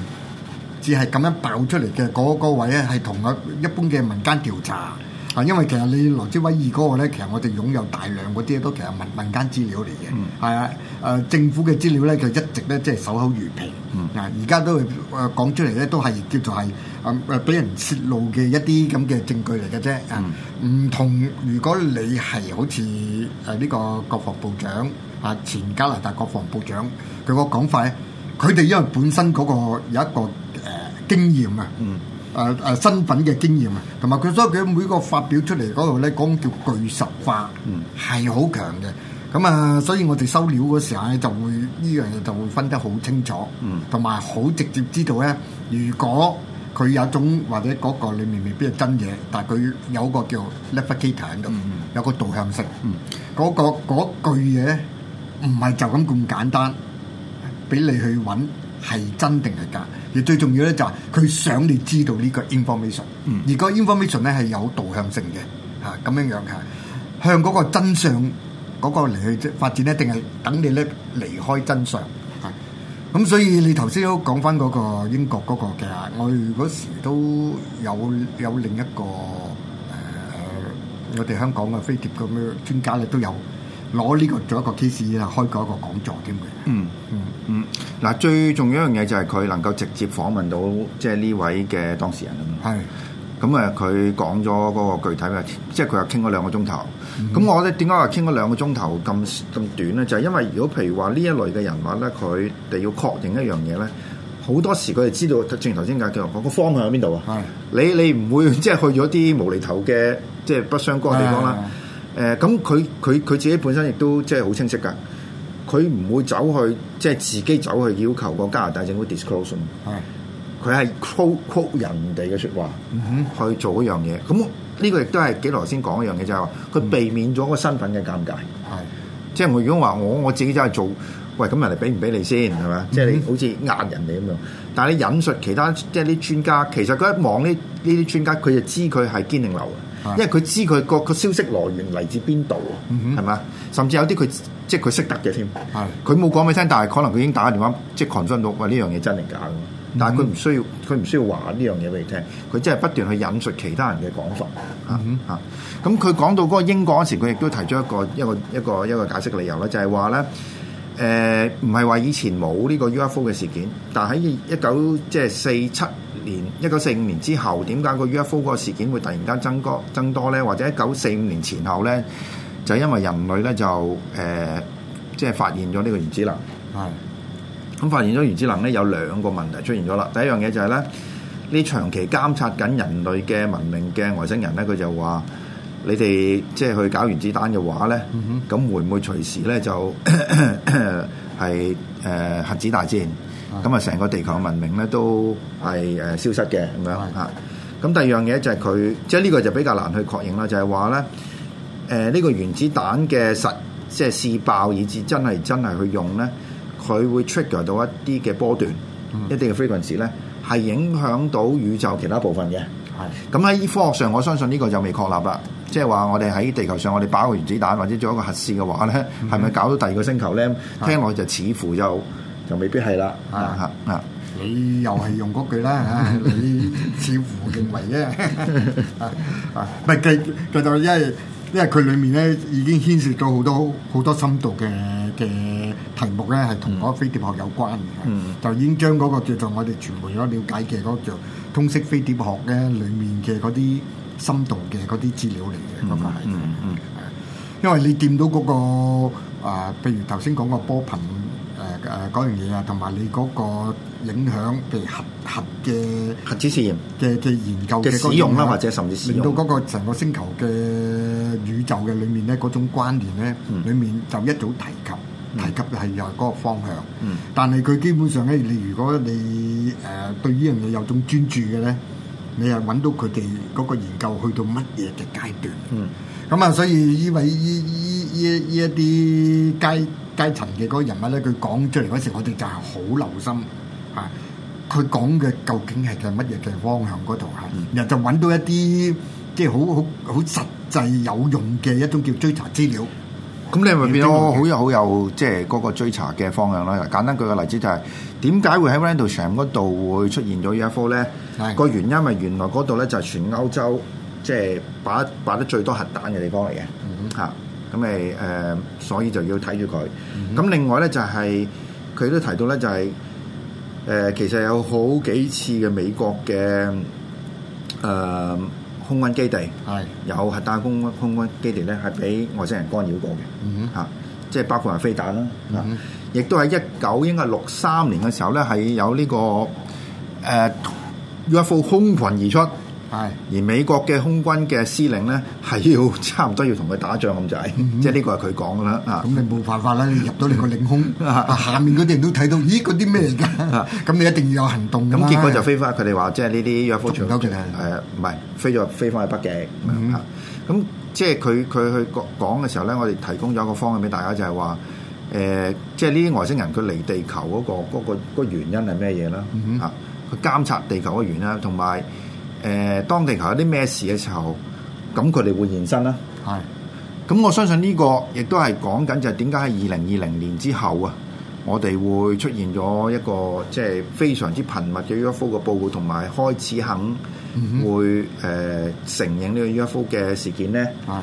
只係咁樣爆出嚟嘅嗰個位咧，係同啊一般嘅民間調查。啊，因為其實你羅茲威爾嗰個咧，其實我哋擁有大量嗰啲都其實民民間資料嚟嘅，係、嗯、啊，誒政府嘅資料咧就一直咧即係守口如瓶。啊而家都係誒講出嚟咧都係叫做係誒俾人泄露嘅一啲咁嘅證據嚟嘅啫，唔、嗯啊、同如果你係好似誒呢個國防部長啊前加拿大國防部長佢個講法咧，佢哋因為本身嗰個有一個誒、呃、經驗啊。嗯誒誒、呃呃，身份嘅經驗啊，同埋佢所以佢每個發表出嚟嗰度咧，講叫巨實化，係好、嗯、強嘅。咁啊，所以我哋收料嗰時候咧，就會呢樣嘢就會分得好清楚，同埋好直接知道咧。如果佢有一種或者嗰個裏面未必係真嘢，但係佢有個叫 l e f e k a t a 嘅，嗯、有個導向性。嗰、嗯嗯嗰個、句嘢唔係就咁咁簡單，俾你去揾係真定係假。而最重要咧，就係佢想你知道呢個 information，而個 information 咧係有導向性嘅，嚇咁樣樣嘅向嗰個真相嗰個嚟去發展咧，定係等你咧離開真相？係咁，所以你頭先都講翻嗰個英國嗰個嘅，我哋嗰時都有有另一個誒，我哋香港嘅飛碟咁樣嘅專家咧都有。攞呢個做一個 case 開個一個講座添嘅，嗯嗯嗯。嗯嗯嗯，嗱，最重要一樣嘢就係佢能夠直接訪問到即係呢位嘅當事人啊，咁誒，佢是講咗嗰個具體嘅，即係佢又傾咗兩個鐘頭。咁，嗯、我咧點解話傾咗兩個鐘頭咁咁短咧？就係，因為如果譬如話呢一類嘅人物咧，佢哋要確認一樣嘢咧，好多時佢哋知道。正頭先講，講，個方向喺邊度啊？係是。你你唔會即係，就係，去咗啲無厘頭嘅，即，就，係，是，不相干地方啦。是誒咁佢佢佢自己本身亦都即係好清晰噶，佢唔會走去即係自己走去要求個加拿大政府 disclosure，啊。係是，佢係 quote quote 人哋嘅説話去做一樣嘢。咁呢個亦都係幾耐先講一樣嘢，就係話佢避免咗個身份嘅尷尬。係、嗯哼，即係我如果話我我自己真係做，喂咁人哋俾唔俾你先係嘛？即係你、嗯、哼好似呃人哋咁樣。但係你引述其他即係啲專家，其實佢一望呢呢啲專家，佢就知佢係堅定流。因為佢知佢個個消息來源嚟自邊度喎，係咪、嗯喲？甚至有啲佢即係佢識得嘅添，佢冇講俾你聽，但係可能佢已經打電話即係狂追到喂，呢樣嘢真定假咁。但係佢唔需要，佢唔需要話呢樣嘢俾你聽，佢即係不斷去引述其他人嘅講法嚇嚇。咁佢講到嗰個英國嗰陣時，佢亦都提出一個一個一個一個解釋嘅理由咧，就係話咧。誒唔係話以前冇呢個 UFO 嘅事件，但喺一九即係四七年一九四五年之後，點解個 UFO 嗰個事件會突然間增多增多咧？或者一九四五年前後咧，就因為人類咧就誒、呃、即係發現咗呢個原子能。係咁是發現咗原子能咧，有兩個問題出現咗啦。第一樣嘢就係、是、咧，你長期監察緊人類嘅文明嘅外星人咧，佢就話。你哋即係去搞原子彈嘅話咧，咁、嗯、哼會唔會隨時咧就係誒、呃、核子大戰？咁啊、嗯，成個地球文明咧都係誒、呃、消失嘅咁樣嚇。咁、嗯嗯、第二樣嘢就係佢，即係呢個就比較難去確認啦。就係話咧，誒、呃、呢、這個原子彈嘅實即係試爆，以至真係真係去用咧，佢會 trigger 到一啲嘅波段，嗯、一定嘅 frequency 咧，係影響到宇宙其他部分嘅。係咁喺科學上，我相信呢個就未確立啦。即係話我哋喺地球上，我哋爆一個原子彈或者做一個核試嘅話咧，係咪搞到第二個星球咧？是的 聽落就似乎就就未必係啦。啊， 你又係用嗰句啦嚇，你似乎認為嘅。唔係，繼繼續，因為因為佢裡面咧已經牽涉到好多好多深度嘅嘅題目咧，係同嗰個飛碟學有關嘅。嗯、 就已經將嗰個叫做我哋傳媒所了解嘅嗰個叫通識飛碟學咧，裡面嘅嗰啲。深度嘅嗰啲資料嚟嘅，嗰個係，因為你掂到嗰個啊，譬如頭先講個波頻誒誒嗰樣嘢啊，同埋你嗰個影響譬如核核嘅核子試驗嘅嘅研究嘅使用啦，或者甚至令到嗰個成個星球嘅宇宙嘅裏面咧，嗰種關聯咧，裏面就一早提及提及係啊嗰個方向，但係佢基本上咧，你如果你誒對呢樣嘢有種專注嘅咧。你又揾到佢哋嗰個研究去到乜嘢嘅階段？嗯，咁啊，所以呢位呢呢呢一呢一啲階階層嘅嗰個人物咧，佢講出嚟嗰時，我哋就係好留心啊！佢講嘅究竟係係乜嘢嘅方向嗰度啊？然後、嗯、就揾到一啲即係好好好實際有用嘅一種叫追查資料。咁、嗯、你咪變咗好有好的有即係嗰個追查嘅方向咯？又簡單舉個例子就係點解會喺 Rendlesham 嗰度會出現咗呢一棵咧？個原因係原來嗰度咧就係全歐洲即係擺擺得最多核彈嘅地方嚟嘅嚇，咁咪誒，所以就要睇住佢。咁另外咧就係佢都提到咧就係誒，其實有好幾次嘅美國嘅誒空軍基地係有核彈，空軍空軍基地咧係俾外星人干擾過嘅嚇，即係包括係飛彈啦。嗱，亦都喺一九應該係六三年嘅時候咧係有呢個誒。UFO 空群而出，係而美國嘅空軍嘅司令咧，係要差唔多要同佢打仗咁就仔，即係呢個係佢講噶啦啊！咁你冇辦法啦，你入到你個領空，下面嗰啲人都睇到，咦，嗰啲咩嚟噶？咁你一定要有行動咁。咁結果就飛翻佢哋話，即係呢啲 UFO 全球啊，唔係飛咗飛翻去北極。咁即係佢佢去講嘅時候咧，我哋提供咗一個方向俾大家，就係話誒，即係呢啲外星人佢離地球嗰個嗰原因係咩嘢啦？啊！去監察地球嘅源啦，同埋誒，當地球有啲咩事嘅時候，咁佢哋會現身啦。係的，咁我相信呢個亦都係講緊就係點解喺二零二零年之後啊，我哋會出現咗一個即係、就是、非常之頻密嘅 UFO 嘅報告，同埋開始肯會誒、呃、承認呢個 UFO 嘅事件咧。係的，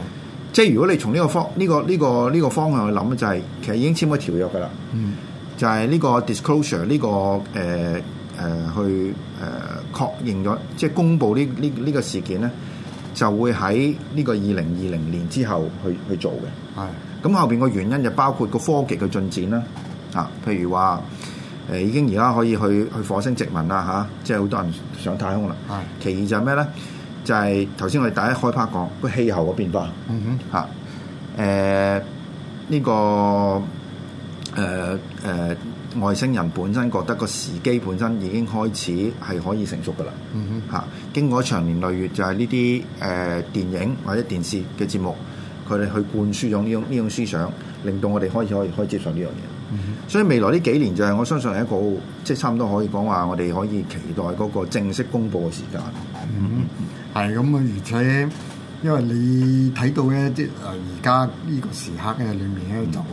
即係如果你從呢個方呢、呢個呢、呢個呢、呢個方向去諗咧，就係、是、其實已經簽咗條約噶啦。嗯的，就係呢個 disclosure 呢、呢個誒。呃誒、呃、去誒、呃、確認咗，即係公佈呢呢呢個事件咧，就會喺呢個二零二零年之後去去做嘅。係咁的，後邊個原因就包括個科技嘅進展啦，嚇、啊，譬如話誒、呃、已經而家可以去去火星殖民啦，嚇、啊，即係好多人上太空啦。係的。其二就係咩咧？就係頭先我哋第一開拍講，個氣候嘅變化。嗯哼。嚇誒呢個誒誒。呃呃呃外星人本身覺得個時機本身已經開始係可以成熟噶啦，嚇、嗯、哼經過長年累月就係呢啲誒電影或者電視嘅節目，佢哋去灌輸咗呢種呢種思想，令到我哋開始可以可以接受呢樣嘢。嗯、哼所以未來呢幾年就係、是、我相信係一個即係差唔多可以講話，我哋可以期待嗰個正式公布嘅時間。嗯哼，係咁啊，而且因為你睇到咧，即係誒而家呢個時刻嘅裡面咧，就、嗯、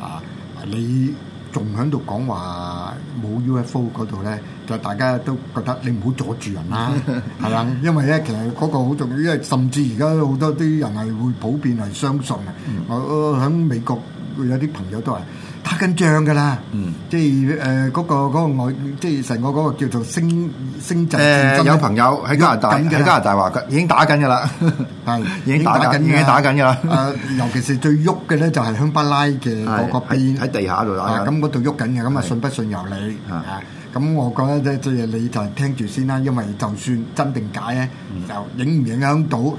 哼啊你。仲喺度講話冇 UFO 嗰度咧，就大家都覺得你唔好阻住人啦，係啦， 因為咧其實嗰個好重要，因為甚至而家好多啲人係會普遍係相信啊、嗯！我喺美國有啲朋友都係。打緊仗噶啦，即係誒嗰個個外，即係成個嗰個叫做星升集有朋友喺加拿大，加拿大話已經打緊噶啦，係 已經打緊，已經打緊噶啦。尤其是最喐嘅咧，就係香巴拉嘅嗰個邊喺地下度打。咁嗰度喐緊嘅，咁啊信不信由你啊。咁、嗯嗯嗯、我覺得即係你就聽住先啦，因為就算真定假咧，就影唔影響到。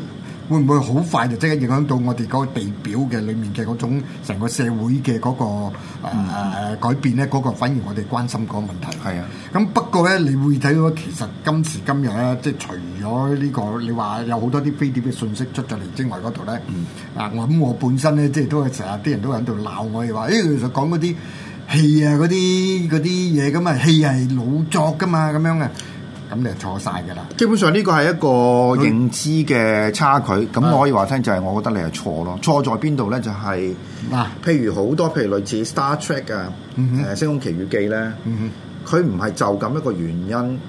會唔會好快就即刻影響到我哋嗰地表嘅裏面嘅嗰種成個社會嘅嗰個誒誒改變咧？嗰個反而我哋關心個問題。係啊，咁不過咧，你會睇到其實今時今日咧，即係除咗呢個，你話有好多啲飛碟嘅信息出咗嚟，精華嗰度咧。嗯。啊，我諗我本身咧，即係都係成日啲人都喺度鬧我，又話誒，其實講嗰啲戲啊，嗰啲嗰啲嘢咁啊，戲係老作㗎嘛，咁樣嘅。咁你係錯晒嘅啦。基本上呢個係一個認知嘅差距，咁我、嗯、可以話聽就係我覺得你係錯咯。嗯、錯在邊度咧？就係、是，譬如好多譬如類似 Star Trek 啊，誒、嗯哼呃《星空奇遇記》咧、嗯哼，佢唔係就咁一個原因，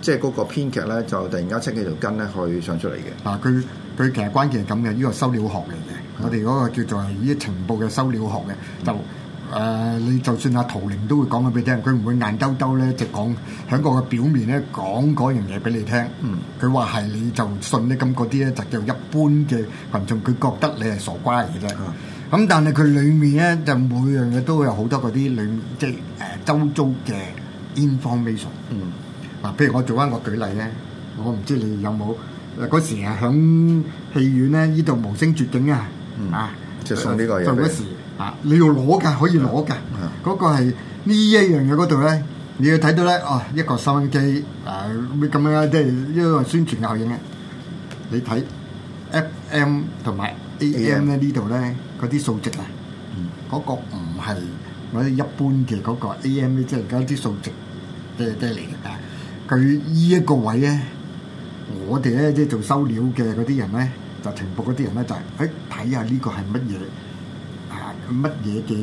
即係嗰個編劇咧就突然間掙起條筋咧去上出嚟嘅。嗱，佢佢其實關鍵係咁嘅，呢、呢個收料學嚟嘅。嗯、我哋嗰個叫做係依啲情報嘅收料學嘅就。嗯誒，你就算阿陶玲都會講俾你聽，佢唔會硬兜兜咧，直講響個表面咧講嗰樣嘢俾你聽。嗯，佢話係你就信咧，咁嗰啲咧就叫一般嘅羣眾，佢覺得你係傻瓜嚟啫。嗯，咁但係佢裡面咧就每樣嘢都有好多嗰啲裏即係誒周遭嘅 information。嗯，嗱，譬如我做翻個舉例咧，我唔知你有冇嗰時係響戲院咧呢度無聲絕境啊？嗯啊，就送呢個嘢咧。啊！你要攞噶，可以攞噶，嗰個係呢一樣嘢嗰度咧，你要睇到咧哦，一個收音機，誒咁樣即係因為宣傳效應咧。你睇 FM 同埋 AM 咧呢度咧嗰啲數值啊，嗰個唔係我哋一般嘅嗰個 AM 咧，即係而家啲數值即係嚟嘅。佢呢一個位咧，我哋咧即係做收料嘅嗰啲人咧，就情報嗰啲人咧就係誒睇下呢個係乜嘢。乜嘢嘅誒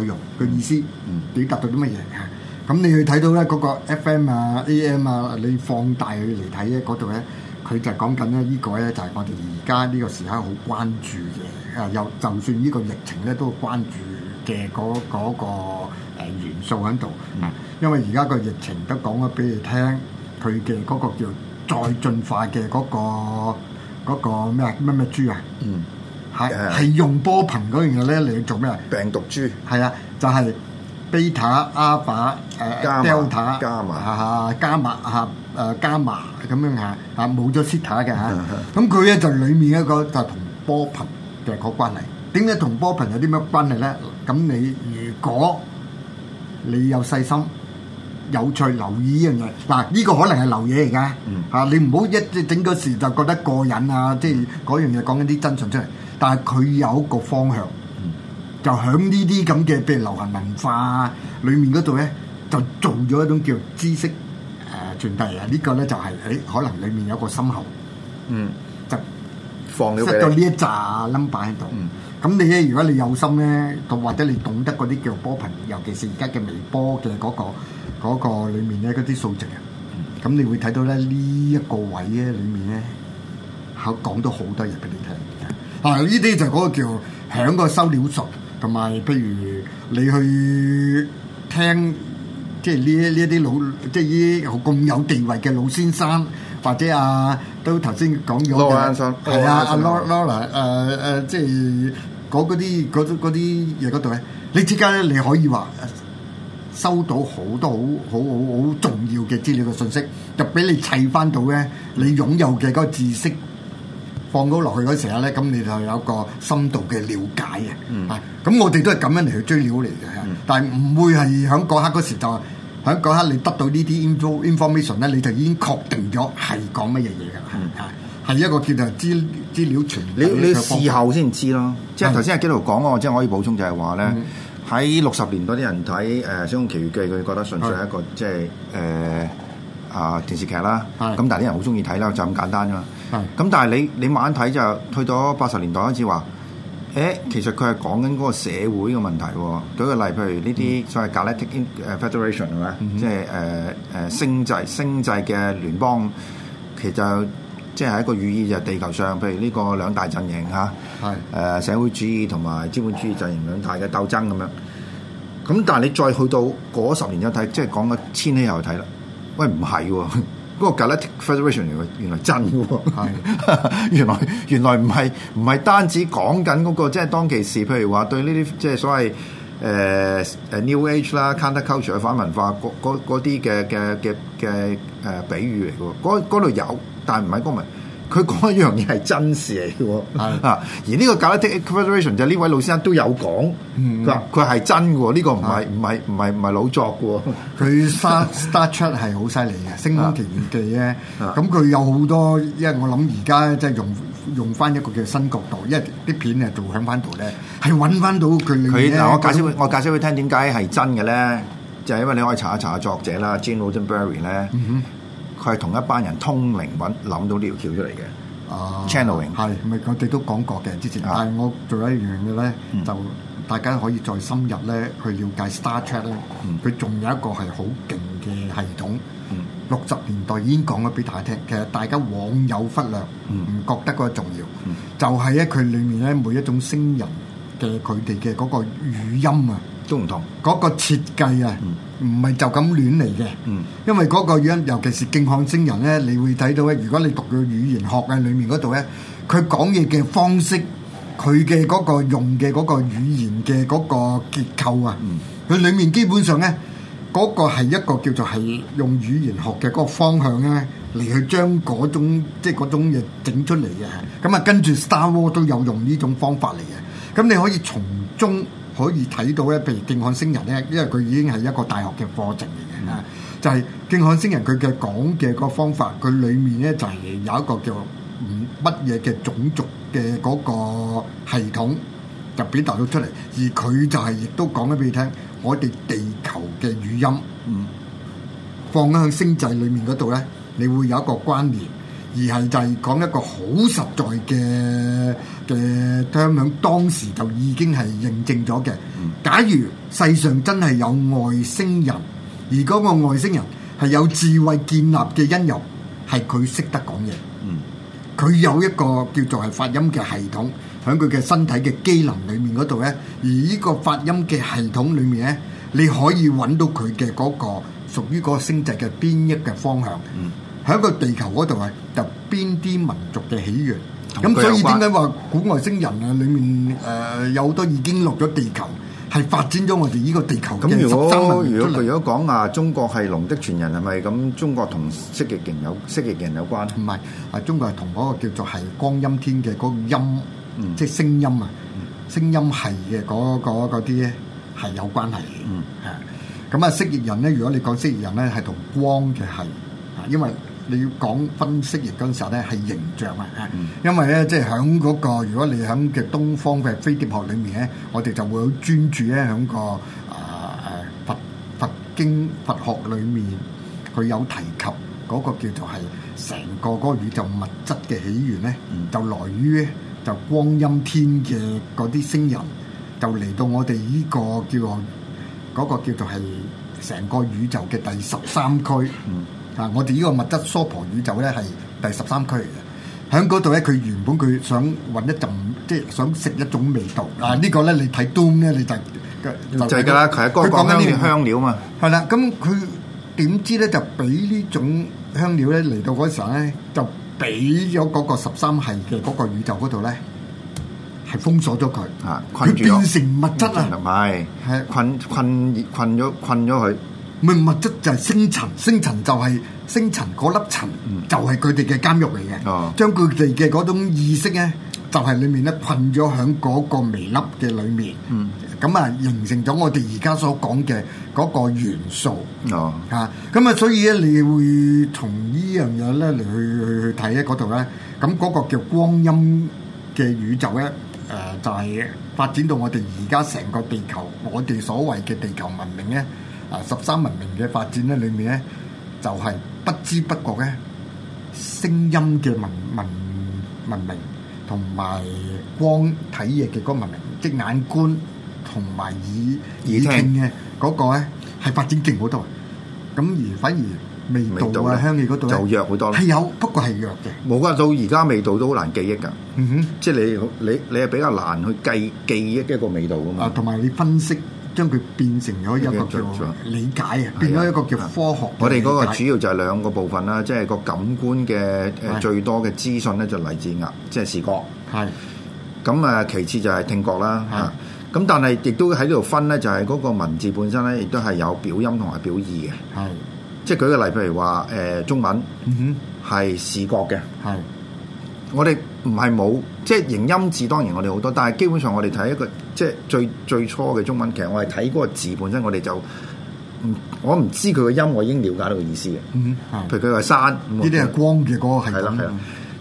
內容嘅意思，嗯，表達到啲乜嘢嚇？咁你去睇到咧，嗰個 FM 啊、AM 啊，你放大去嚟睇咧，嗰度咧，佢就講緊咧，依個咧就係我哋而家呢個時刻好關注嘅，誒、呃，有就算呢個疫情咧，都關注嘅嗰嗰個誒元素喺度，嗯，因為而家個疫情都講咗俾你聽，佢嘅嗰個叫再進化嘅嗰、嗰個咩啊？乜乜豬啊？嗯。係係用波頻嗰樣嘢咧，你嚟做咩啊？病毒株係啊，就係 beta、alpha、誒 delta 加埋嚇嚇加埋嚇誒加埋咁樣嚇嚇冇咗 theta 嘅嚇。咁佢咧就裡面一個就同波頻嘅個關係。點解同波頻有啲咩關係咧？咁你如果你有細心、有趣留意一樣嘢，嗱呢個可能係流嘢嚟噶嚇。你唔好一整個時就覺得過癮啊！即係嗰樣嘢講緊啲真相出嚟。但係佢有一個方向，就響呢啲咁嘅譬如流行文化裏面嗰度咧，就做咗一種叫知識誒傳遞啊！呢個咧就係誒可能裡面有一個心喉，嗯，就放咗。塞咗呢一揸 number 喺度。咁你咧，如果你有心咧，或或者你懂得嗰啲叫做波頻，尤其是而家嘅微波嘅嗰個嗰個裡面咧嗰啲數值啊，咁你會睇到咧呢一個位咧裏面咧，口講到好多嘢俾你聽。呢啲，啊，就個叫響個收料術，同埋譬如你去聽，即係呢呢一啲老，即係呢啲好咁有地位嘅老先生，或者啊都頭先講咗嘅，係 L ora 啊阿 Lola，誒誒即係講嗰啲嗰啲嗰啲嘢度咧，你即刻咧你可以話收到好多好好好好重要嘅資料嘅信息，就俾你砌翻到咧，你擁有嘅個知識。放高落去嗰時刻咧，咁你就有個深度嘅了解嘅。啊，咁我哋都係咁樣嚟去追料嚟嘅。但係唔會係喺嗰刻嗰時，就喺嗰刻你得到呢啲 information 咧，你就已經確定咗係講乜嘢嘢嘅。啊，係一個叫做資資料傳。你你事後先知咯。即係頭先阿紀導講喎，即係我可以補充就係話咧，喺六十年代啲人睇《誒雙龍奇遇記》，佢覺得純粹係一個即係誒啊電視劇啦。咁但係啲人好中意睇啦，就咁簡單啫。咁但係你你慢慢睇就去到八十年代開始話，誒、欸、其實佢係講緊嗰個社會嘅問題。舉個例，譬如呢啲所謂 Galactic Federation 啊、嗯哼，即係誒誒星際星際嘅聯邦，其實即係、就是、一個寓意就地球上，譬如呢個兩大陣營嚇，誒、啊是呃、社會主義同埋資本主義陣營兩大嘅鬥爭咁樣。咁但係你再去到嗰十年一睇，即係講緊千禧後睇啦。喂，唔係喎。 嗰個 Galactic Federation 原來真喎、喔， 原來原來唔係唔係單止講緊嗰個，即係當其時，譬如話對呢啲即係所謂誒誒、呃、New Age 啦、Counter Culture 嘅反文化、各啲嘅嘅嘅嘅誒比喻嚟嘅，嗰度有，但係唔係嗰個。佢講一樣嘢係真事嚟嘅，啊！而呢個 Galactic Federation 就呢位老先生都有講，嗱佢係真嘅，呢個唔係唔係唔係唔係老作嘅。佢 start start 出係好犀利嘅《星空奇遇記》咧，咁佢有好多，因為我諗而家即係用用翻一個叫新角度，因為啲片咧做響翻度咧，係揾翻到佢。佢嗱，我解釋我解釋佢聽點解係真嘅咧，就係因為你可以查一查作者啦，Jane Austen Berry 咧。係同一班人通靈揾諗到呢條橋出嚟嘅、啊、channeling 係咪我哋都講過嘅之前？但係我做一樣嘢咧，嗯、就大家可以再深入咧去了解 Star Trek 咯、嗯。佢仲有一個係好勁嘅系統。六十、嗯、年代已經講咗俾大家聽，其實大家往有忽略，唔、嗯、覺得嗰個重要，嗯嗯、就係咧佢裡面咧每一種星人嘅佢哋嘅嗰個語音啊，都唔同嗰個設計啊。嗯唔係就咁亂嚟嘅，因為嗰個樣，尤其是敬漢星人咧，你會睇到咧。如果你讀佢語言學嘅裡面嗰度咧，佢講嘢嘅方式，佢嘅嗰個用嘅嗰個語言嘅嗰個結構啊，佢、嗯、裡面基本上咧，嗰、嗰個係一個叫做係用語言學嘅嗰個方向咧，嚟去將嗰種即係嗰種嘢整出嚟嘅。咁啊，跟住 Star War 都有用呢種方法嚟嘅。咁你可以從中。可以睇到咧，譬如敬漢星人咧，因為佢已經係一個大學嘅課程嚟嘅，嗯、就係敬漢星人，佢嘅講嘅個方法，佢裏面咧就係有一個叫乜嘢嘅種族嘅嗰個系統就俾透咗出嚟。而佢就係亦都講咗俾你聽，我哋地球嘅語音，嗯，放喺星際裏面嗰度咧，你會有一個關聯。而係就係講一個好實在嘅嘅，聽響當時就已經係認證咗嘅。假如世上真係有外星人，而嗰個外星人係有智慧建立嘅因由，係佢識得講嘢。嗯，佢有一個叫做係發音嘅系統，喺佢嘅身體嘅機能裡面嗰度咧，而呢個發音嘅系統裡面咧，你可以揾到佢嘅嗰個屬於個星際嘅變億嘅方向。嗯。喺個地球嗰度係就邊啲民族嘅起源，咁所以點解話古外星人啊？裡面誒有好多已經落咗地球，係發展咗我哋呢個地球嘅十三文明出嚟。如果如果講啊，中國係龍的傳人係咪咁？中國同蜥蜴人有蜥蜴人有關？唔係啊，中國係同嗰個叫做係光音天嘅嗰個音，即係聲音啊，聲音係嘅嗰個嗰啲係有關係嘅。啊，咁啊蜥蜴人咧，如果你講蜥蜴人咧，係同光嘅係啊，因為你要講分析業嗰陣時候咧，係形象啊！因為咧，即係喺嗰個，如果你喺嘅東方嘅飛碟學裏面咧，我哋就會好專注咧喺、嗰個啊誒、呃、佛佛經佛學裏面，佢有提及嗰個叫做係成個嗰個宇宙物質嘅起源咧，嗯、就來於就光陰天嘅嗰啲星人，就嚟到我哋呢個叫嗰、嗰個叫做係成個宇宙嘅第十三區。嗯啊！我哋呢個物質娑婆宇宙咧係第十三區嚟嘅，喺嗰度咧佢原本佢想揾一陣，即係想食一種味道。啊！這個、呢個咧你睇 Dune 咧，你，one，你就就係㗎啦。佢講緊呢啲香料嘛，係啦。咁佢點知咧就俾呢種香料咧嚟到嗰時候咧，就俾咗嗰個十三系嘅嗰個宇宙嗰度咧，係封鎖咗佢。啊，佢變成物質啦，唔係，困困困咗困咗佢。物質就係星塵，星塵就係星塵嗰粒塵，嗯、就係佢哋嘅監獄嚟嘅。嗯、將佢哋嘅嗰種意識呢，就係、是、裡面呢，困咗喺嗰個微粒嘅裏面。咁啊、嗯，形成咗我哋而家所講嘅嗰個元素。啊、嗯，咁啊，所以呢，你會從呢樣嘢呢嚟去去睇呢嗰度呢。咁嗰、嗰個叫光陰嘅宇宙呢，誒、呃、就係、是、發展到我哋而家成個地球，我哋所謂嘅地球文明呢。啊！十三文明嘅發展咧，裏面咧就係不知不覺咧，聲音嘅文文文明同埋光睇嘢嘅嗰個文明，即眼觀同埋耳耳聽嘅嗰個咧，係發展勁好多。咁而反而味道啊、香氣嗰度咧就弱好多。係有，不過係弱嘅。我覺得到而家味道都好難記憶㗎。嗯哼，即你你你係比較難去記記憶一個味道㗎嘛。啊，同埋你分析。將佢變成咗一個叫理解啊，變咗一個叫科學。我哋嗰個主要就係兩個部分啦，即係個感官嘅誒的最多嘅資訊咧，就嚟自眼，即係視覺。係的。咁啊，其次就係聽覺啦。係的。咁的但係亦都喺呢度分咧，就係、是、嗰個文字本身咧，亦都係有表音同埋表意嘅。係的。即係舉個例，譬如話誒、呃、中文，哼，係視覺嘅。係的。我哋的。唔係冇，即係形音字當然我哋好多，但係基本上我哋睇一個即係最最初嘅中文，其實我係睇嗰個字本身我，嗯、我哋就我唔知佢個音，我已經了解到個意思嘅。嗯、譬如佢話山，呢啲係光嘅嗰個係係啦，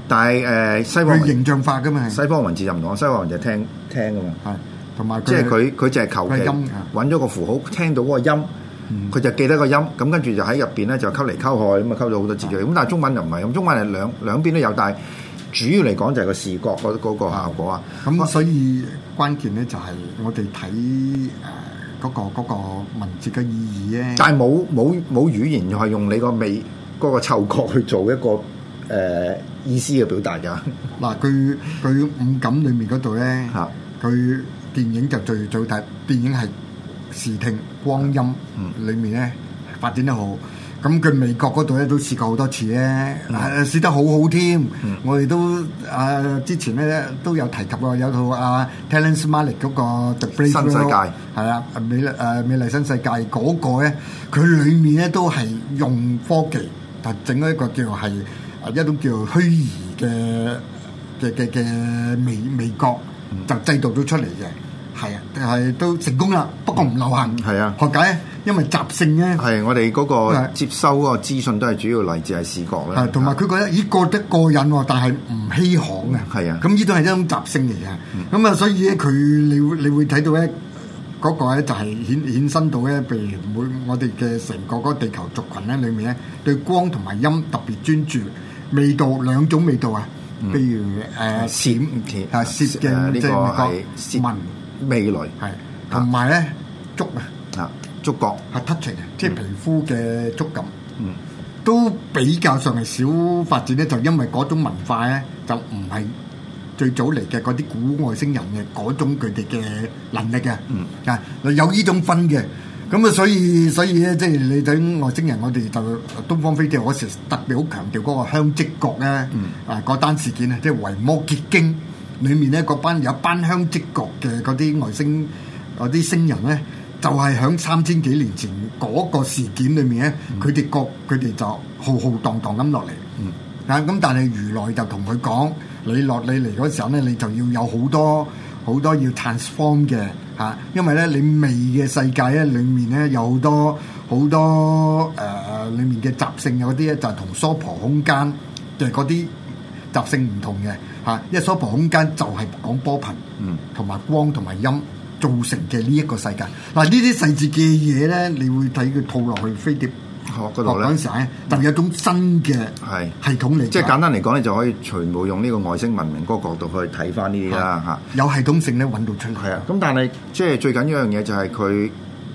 但係誒、呃、西方，形象化㗎嘛。西方文字就唔同，西方文字就聽聽㗎嘛。係、啊，同埋即係佢佢就係求其揾咗個符號，聽到嗰個音，佢、嗯、就記得個音，咁跟住就喺入邊咧就溝嚟溝去，咁啊溝咗好多字出嚟。咁但係中文就唔係咁，中文係兩兩邊都有，但係。但主要嚟講就係個視覺嗰個效果啊！咁、嗯、所以關鍵咧就係我哋睇誒嗰個文字嘅意義咧。但係冇冇冇語言又係用你個美、嗰、嗰個嗅覺去做一個誒、呃、意思嘅表達㗎。嗱， 佢佢五感裡面嗰度咧，佢電影就最最大，電影係視聽光音裏面咧發展得好。咁佢美國嗰度咧都試過好多次咧，嗱、嗯、試得好好添。嗯、我哋都啊、呃、之前咧都有提及有啊，有套啊 Talents Malik 嗰、那個《新世界》係啊，美誒、啊、美麗新世界嗰個咧，佢裏面咧都係用科技啊整咗一個叫做係一種叫做虛擬嘅嘅嘅嘅美美國、嗯、就製造咗出嚟嘅。係啊，但係都成功啦，不過唔流行。係啊，何解？因為習性咧。係我哋嗰個接收嗰個資訊都係主要嚟自係視覺咧。係同埋佢覺得咦過得過癮喎，但係唔稀罕啊。係啊，咁依種係一種習性嚟嘅。咁啊，所以咧佢你會你會睇到咧嗰個咧就係衍衍生到咧，譬如每我哋嘅成個嗰地球族群咧裏面咧，對光同埋音特別專注，味道兩種味道啊，譬如誒閃啊攝鏡即係聞。未來係，同埋咧觸啊，觸角，係 touching 即係皮膚嘅觸感，嗯，都比較上係少發展咧，就因為嗰種文化咧，就唔係最早嚟嘅嗰啲古外星人嘅嗰種佢哋嘅能力嘅，嗯，啊，有呢種分嘅，咁啊，所以所以咧，即係你等外星人我，我哋就東方飛碟，我成時特別好強調嗰個香積國咧，啊，嗰單、嗯啊、事件啊，即係維摩詰經。裏面咧個班有班香積國嘅嗰啲外星嗰啲星人咧，就係、是、喺三千幾年前嗰個事件裏面咧，佢哋個佢哋就浩浩蕩蕩咁落嚟。嗯，啊咁但係如來就同佢講：你落你嚟嗰時候咧，你就要有好多好多要 transform 嘅嚇，因為咧你未嘅世界咧、呃，裡面咧有好多好多誒裡面嘅習性嘅嗰啲咧，就係同娑婆空間對嗰啲習性唔同嘅。嚇，因為超空間就係講波頻，嗯，同埋光同埋音造成嘅呢一個世界。嗱，呢啲細緻嘅嘢咧，你會睇佢套落去飛碟，哦、啊，嗰度咧，嗰陣時咧，特別、嗯、一種新嘅係系統嚟，即係簡單嚟講咧，就可以全部用呢個外星文明嗰個角度去睇翻呢啲啦，嚇是。是有系統性咧，揾到出佢啊！咁但係、啊、即係最緊要一樣嘢就係佢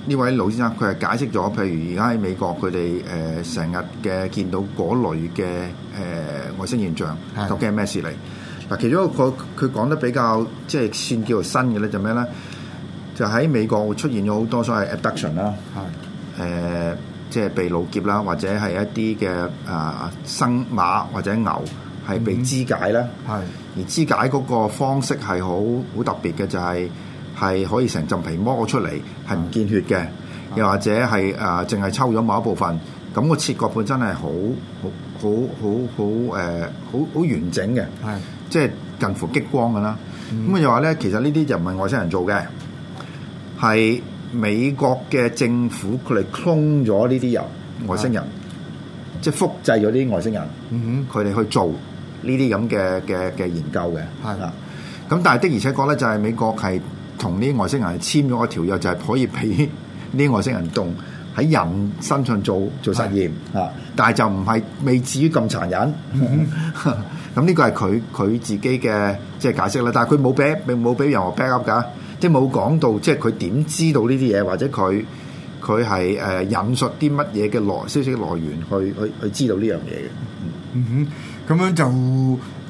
呢位老先生，佢係解釋咗，譬如而家喺美國佢哋誒成日嘅見到嗰類嘅誒外，外星現象，究竟係咩事嚟？嗱，其中一個佢講得比較即係算叫做新嘅咧，就咩咧？就喺美國會出現咗好多所謂 abduction 啦是，誒、呃，即係被擄劫啦，或者係一啲嘅啊生馬或者牛係被肢解啦。嗯、而肢解嗰個方式係好好特別嘅，就係、是、係可以成浸皮剝出嚟，係唔見血嘅，是又或者係啊，淨、呃、係抽咗某一部分。咁、那個切割本真係好好好好好誒、呃、好好，好，好完整嘅。即係近乎激光嘅啦，咁又話咧，其實呢啲就唔係外星人做嘅，係美國嘅政府佢哋 clone 咗呢啲人外星人，的即係複製咗啲外星人，佢哋、嗯、去做呢啲咁嘅嘅嘅研究嘅。係啦，咁的、嗯、但係的而且確咧，就係美國係同啲外星人簽咗個條約，就係、是、可以俾啲外星人動喺人身上做做實驗啊，但係就唔係未至於咁殘忍。咁呢個係佢佢自己嘅即係解釋啦，但係佢冇俾並冇俾任何 back up 噶，即係冇講到即係佢點知道呢啲嘢，或者佢佢係誒引述啲乜嘢嘅來消息來源去去去知道呢樣嘢嘅。嗯哼，咁樣就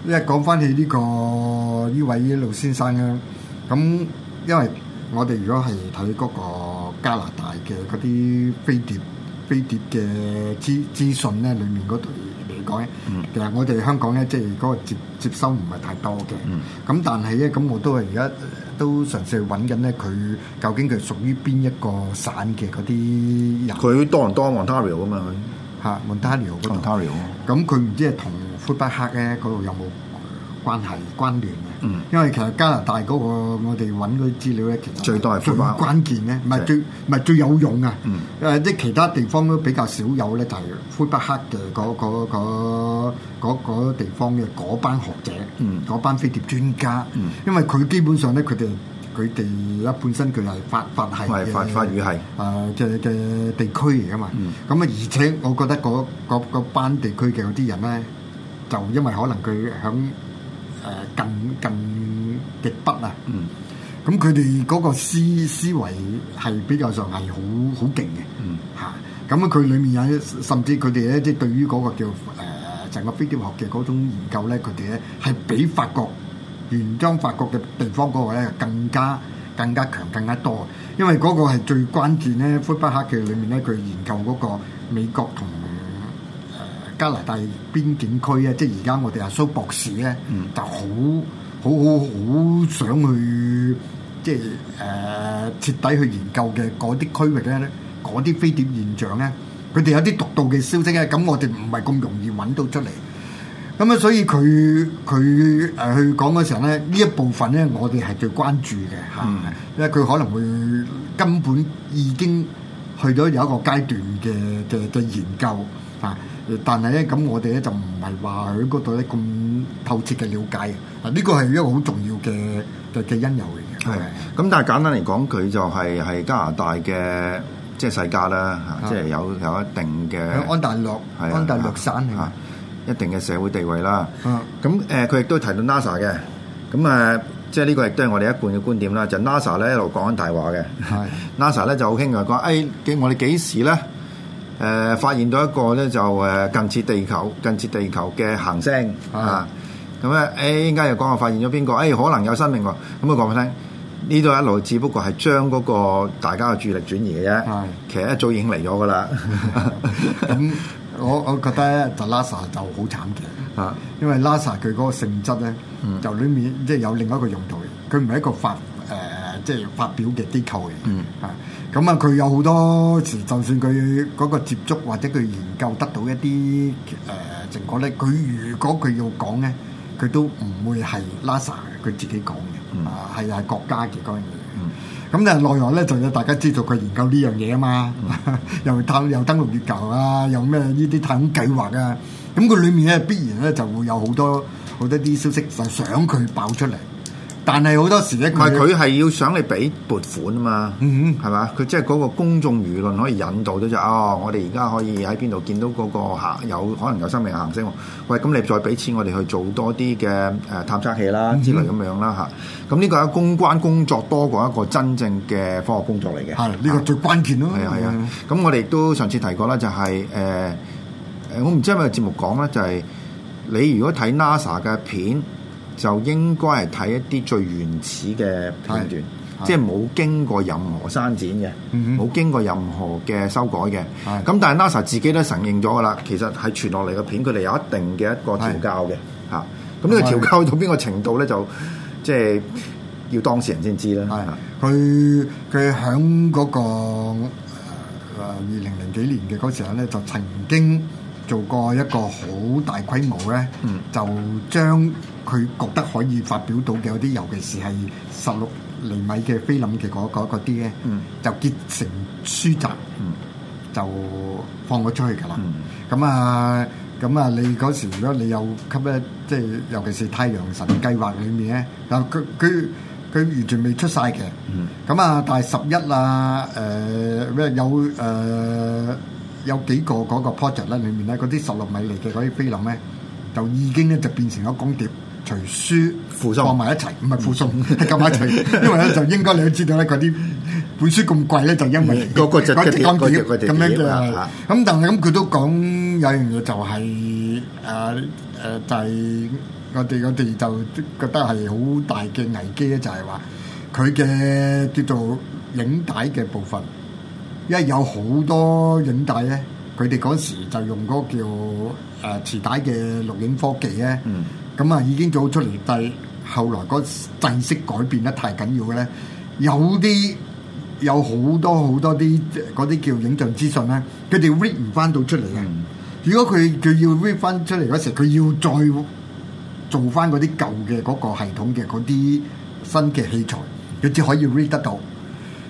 一講翻起呢個呢位老先生啦。咁因為我哋如果係睇嗰個加拿大嘅嗰啲飛碟飛碟嘅資資訊咧，裡面度。講咧，其實我哋香港咧，即係嗰個接接收唔係太多嘅。咁、嗯、但係咧，咁我都係而家都嘗試揾緊咧，佢究竟佢屬於邊一個省嘅嗰啲人？佢多唔多 Ontario 啊嘛？嚇，Ontario 嗰度，咁佢唔知係同魁北克嘅嗰度有冇？關係關聯嘅，因為其實加拿大嗰個我哋揾嗰啲資料咧，其實最多係最關鍵咧，唔係最唔係的最有用啊！誒，即係其他地方都比較少有咧，就係魁北克嘅嗰嗰地方嘅嗰班學者，嗰、mm. 班飛碟專家，mm. 因為佢基本上咧，佢哋佢哋而家本身佢係法法系嘅，係法法語係啊嘅嘅地區嚟噶嘛。咁啊，而且我覺得嗰班地區嘅嗰啲人咧，就因為可能佢響。誒更更極北啊！嗯，咁佢哋嗰個思思維係比較上係好好勁嘅，嗯嚇。咁佢、啊、裡面有甚至佢哋一啲對於嗰個叫誒整個飛碟學嘅嗰種研究咧，佢哋咧係比法國原裝法國嘅地方嗰個咧更加更加強更加多，因為嗰個係最關鍵咧。魁北克嘅裡面咧，佢研究嗰個美國同。加拿大邊境區啊，即係而家我哋阿蘇博士咧、嗯、就好好好好想去，即係誒、呃、徹底去研究嘅嗰啲區域咧，嗰啲飛碟現象咧，佢哋有啲獨到嘅消息咧，咁我哋唔係咁容易揾到出嚟。咁啊，所以佢佢誒去講嘅時候咧，呢一部分咧，我哋係最關注嘅嚇，嗯、因為佢可能會根本已經去到有一個階段嘅嘅嘅研究啊。但係咧，咁我哋咧就唔係話佢嗰度咧咁透徹嘅瞭解啊！呢個係一個好重要嘅嘅嘅因由嚟嘅。係。咁但係簡單嚟講，佢就係係加拿大嘅即係世家啦，即係有有一定嘅喺安大略，安大略省嚇一定嘅社會地位啦。啊。咁誒，佢亦都提到 NASA 嘅，咁誒即係呢個亦都係我哋一貫嘅觀點啦。就 NASA 咧一路講緊大話嘅。係。NASA 咧就好興嘅，講誒幾我哋幾時咧？誒、呃、發現到一個咧，就誒近似地球、近似地球嘅行星的啊！咁、欸、咧，哎，應該又講我發現咗邊個？哎、欸，可能有生命喎、啊！咁我講畀你聽，呢、嗯、度、嗯、一路只不過係將嗰個大家嘅注意力轉移嘅、啊、啫。的其實一早已經嚟咗噶啦。咁我我覺得咧，就拉薩就好慘嘅，因為拉薩佢嗰個性質咧，嗯、就裡面即係有另一個用途嘅，佢唔係一個發誒、呃、即係發表嘅機構嚟。嗯。啊、嗯。咁啊，佢有好多時，就算佢嗰個接觸或者佢研究得到一啲誒、呃、成果咧，佢如果佢要講咧，佢都唔會係 LASA 嘅，佢自己講嘅，mm. 啊係係國家嘅嗰樣嘢。咁、mm. 但係內容咧，就要大家知道佢研究呢樣嘢啊嘛，mm. 又探又登陸月球啊，又咩呢啲太空計劃啊，咁、嗯、佢裏面咧必然咧就會有好多好多啲消息，就想佢爆出嚟。但係好多時咧，唔係佢係要想你俾撥款啊嘛，嗯係嘛？佢即係嗰個公眾輿論可以引導到就係、哦，我哋而家可以喺邊度見到嗰、嗰個、啊、有可能有生命行星喎？喂，咁你再俾錢我哋去做多啲嘅誒探測器啦、mm hmm. 之類咁樣啦嚇。咁呢個係公關工作多過一個真正嘅科學工作嚟嘅。係，呢個最關鍵咯。係啊係啊。咁我哋亦都上次提過啦、就係呃，就係誒，我唔知係咪節目講咧，就係你如果睇 NASA 嘅片。就係就應該係睇一啲最原始嘅片段，即係冇經過任何刪剪嘅，冇、嗯、哼經過任何嘅修改嘅。咁是但係 NASA 自己都承認咗噶啦，其實係傳落嚟嘅片，佢哋有一定嘅一個調教嘅嚇。咁呢是個調教到邊個程度咧，就即係、就是、要當事人先知啦。佢佢響嗰個誒二零零幾年嘅嗰時候咧，就曾經做過一個好大規模咧，就將。佢覺得可以發表到嘅嗰啲，尤其是係十六厘米嘅菲林嘅嗰啲咧，嗯、就結成書集，嗯、就放咗出去㗎啦。咁啊、嗯，咁啊，你嗰時如果你有吸咧，即係尤其是太陽神計劃裏面咧，嗱，佢佢佢完全未出晒嘅。咁啊、嗯，但係十一啊，誒咩有誒、呃、有幾個嗰個 project 咧裏面咧，嗰啲十六厘米嘅嗰啲菲林咧，就已經咧就變成咗光碟。隨書附送放埋一齊，唔係附送，夾埋一齊。因為咧就應該你都知道咧，嗰啲本書咁貴咧，就因為嗰嗰隻光碟。咁樣嘅，咁但係咁佢都講有樣嘢，就係誒誒，就係我哋我哋就覺得係好大嘅危機咧，就係話佢嘅叫做影帶嘅部分，因為有好多影帶咧，佢哋嗰時就用嗰個叫誒磁帶嘅錄影科技咧。咁啊，已經做出嚟，但係後來嗰制式改變得太緊要嘅咧，有啲有好多好多啲嗰啲叫影像資訊咧，佢哋 read 唔翻到出嚟嘅。如果佢佢要 read 翻出嚟嗰時，佢要再做翻嗰啲舊嘅嗰個系統嘅嗰啲新嘅器材，佢至可以 read 得到。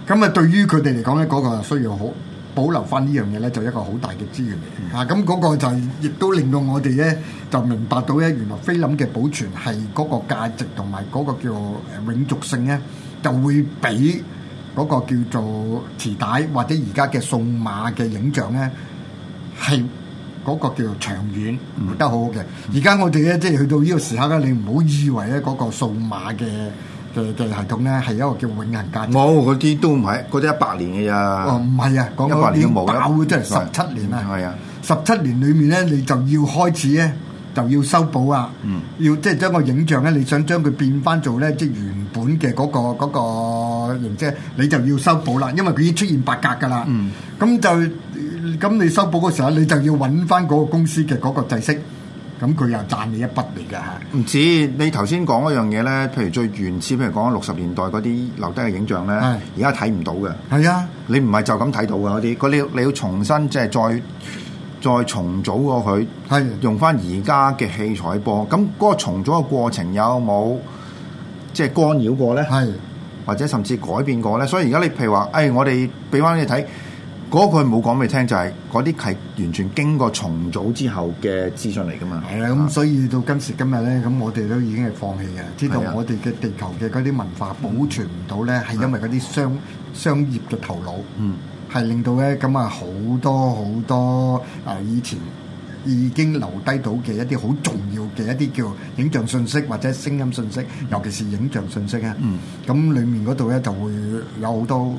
咁啊，對於佢哋嚟講咧，嗰、那個需要好。保留翻呢樣嘢咧，就一個好大嘅資源嚇。咁嗰、嗯啊嗰個就亦都令到我哋咧，就明白到咧，原來菲林嘅保存係嗰個價值同埋嗰個叫做永續性咧，就會比嗰個叫做磁帶或者而家嘅數碼嘅影像咧，係嗰個叫做長遠活、嗯、得好好嘅。而家我哋咧，即係去到呢個時刻咧，你唔好以為咧嗰個數碼嘅。嘅嘅系統咧，係一個叫永恆間。冇嗰啲都唔係，嗰啲一百年嘅咋。哦，唔係啊，講緊打會即係十七年啊。係啊，十七年裡面咧，你就要開始咧，就要修補啊。嗯。要即係將個影像咧，你想將佢變翻做咧，即係原本嘅嗰個嗰個人啫，你就要修補啦。因為佢已經出現白格噶啦。嗯。咁就咁你修補嗰時候，你就要揾翻嗰個公司嘅嗰個制式。咁佢又賺你一筆嚟㗎嚇！唔止你頭先講嗰樣嘢咧，譬如最原始，譬如講六十年代嗰啲留低嘅影像咧，而家睇唔到嘅。係啊是的，你唔係就咁睇到㗎嗰啲，佢你要你要重新即係再再重組過佢，係用翻而家嘅器材播。咁嗰個重組嘅過程有冇即係干擾過咧？係是的 或者甚至改變過咧？所以而家你譬如話，誒、哎、我哋俾翻你睇。嗰個冇講俾你聽，就係嗰啲係完全經過重組之後嘅資訊嚟噶嘛？係啦，咁所以到今時今日咧，咁我哋都已經係放棄嘅，知道我哋嘅地球嘅嗰啲文化保存唔到咧，係因為嗰啲商商業嘅頭腦，係令到咧咁啊好多好多啊以前已經留低到嘅一啲好重要嘅一啲叫影像信息或者聲音信息，尤其是影像信息啊，咁裡面嗰度咧就會有好多。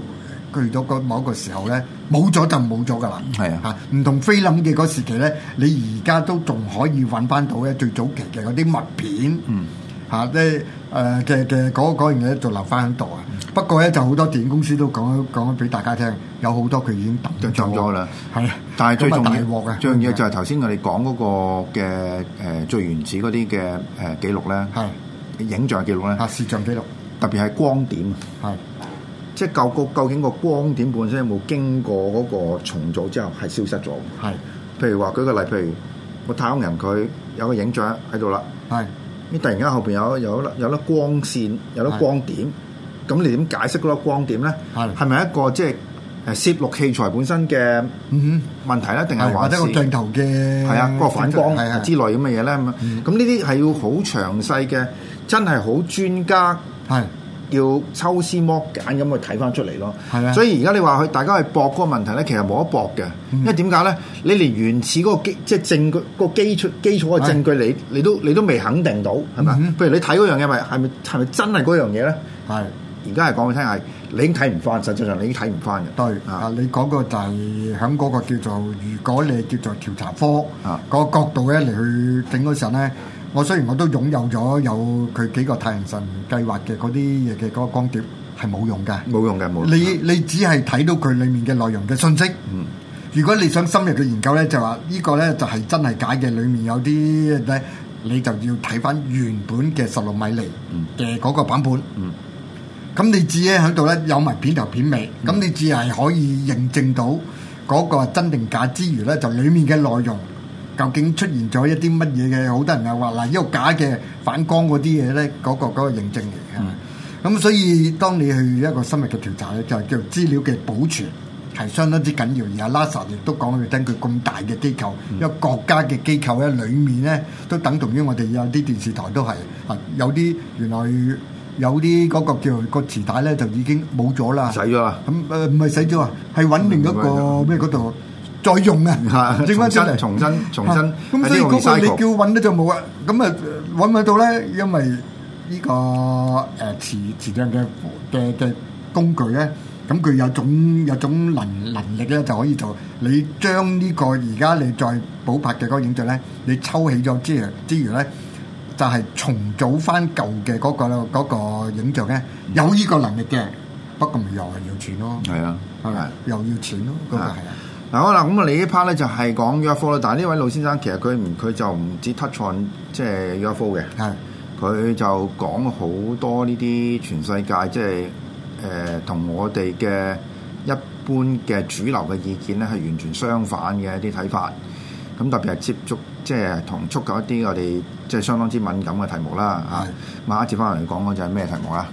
去咗個某一個時候咧，冇咗就冇咗噶啦。係是啊，嚇唔同菲林嘅嗰時期咧，你而家都仲可以揾翻到咧最早期嘅嗰啲默片。嗯，嚇即係誒嘅嘅嗰樣嘢都留翻喺度啊。不過咧，就好多電影公司都講講俾大家聽，有好多佢已經抌咗啦。係啊，但係最重要，樣嘢關就係頭先我哋講嗰個嘅誒最原始嗰啲嘅誒記錄咧。係的影像記錄咧。嚇攝像記錄，的錄特別係光點。係。即係究個究竟個光點本身有冇經過嗰個重組之後係消失咗？係，譬如話舉個例，譬如個太空人佢有個影像喺度啦，係，咁突然間後邊有有粒有粒光線，有粒光點，咁你點解釋嗰粒光點咧？係，係咪一個即係誒攝錄器材本身嘅問題咧？定係或者個鏡頭嘅，係啊，個反光，係啊，之類咁嘅嘢咧？咁咁呢啲係要好詳細嘅，真係好專家係。要抽絲剝繭咁去睇翻出嚟咯，嗎所以而家你話佢大家去搏嗰個問題咧，其實冇得搏嘅，因為點解咧？你連原始嗰個基，即係證據個基礎基礎嘅證據，那個、證據你你都你都未肯定到，係咪？譬嗎如你睇嗰樣嘢，咪係咪係咪真係嗰樣嘢咧？係是，而家係講俾聽係，你已經睇唔翻，實際上你已經睇唔翻嘅。對，啊嗎，你講個就係喺嗰個叫做，如果你叫做調查科啊嗎嗎個角度咧，你去整嗰陣咧。我雖然我都擁有咗有佢幾個太陽神計劃嘅嗰啲嘢嘅嗰個光碟，係冇用嘅。冇用嘅，冇用。你你只係睇到佢裡面嘅內容嘅訊息。嗯。如果你想深入嘅研究咧，就話呢個咧就係真係假嘅，裡面有啲咧，你就要睇翻原本嘅十六米釐嘅嗰個版本。嗯。咁你只係喺度咧有埋片頭片尾，咁你只係可以認證到嗰個真定假之餘咧，就裡面嘅內容。究竟出現咗一啲乜嘢嘅？好多人又話嗱，呢個假嘅反光嗰啲嘢咧，嗰個嗰個認證嚟嘅。咁所以當你去一個深入嘅調查咧，就係叫資料嘅保存係相當之緊要。而阿拉薩亦都講佢根據咁大嘅機構，因為國家嘅機構咧裏面咧都等同於我哋有啲電視台都係啊，有啲原來有啲嗰個叫個磁帶咧就已經冇咗啦，洗咗啦。咁誒唔係洗咗啊，係揾完嗰個咩嗰度？再用啊！重嚟、啊、重新、重新。咁、啊、所以嗰個你叫揾得就冇啊！咁啊揾唔到咧，因為呢、呢個誒磁磁像嘅嘅嘅工具咧，咁佢有種有種能能力咧，就可以就你將呢個而家你再補拍嘅嗰個影像咧，你抽起咗之之餘咧，就係、是、重組翻舊嘅嗰、嗰個嗰個影像咧，有呢個能力嘅，不過咪又係要錢咯。係啊，係啊，又要錢咯，咁啊係啊。嗱好啦，咁啊，你呢 part 咧就係講 UFO 啦。但係呢位老先生其實佢唔佢就唔止 touch on 即係 UFO 嘅，佢的就講好多呢啲全世界即係誒、呃、同我哋嘅一般嘅主流嘅意見咧係完全相反嘅一啲睇法。咁特別係接觸即係同觸及一啲我哋即係相當之敏感嘅題目啦。的啊，下一節翻嚟講嘅就係咩題目啊？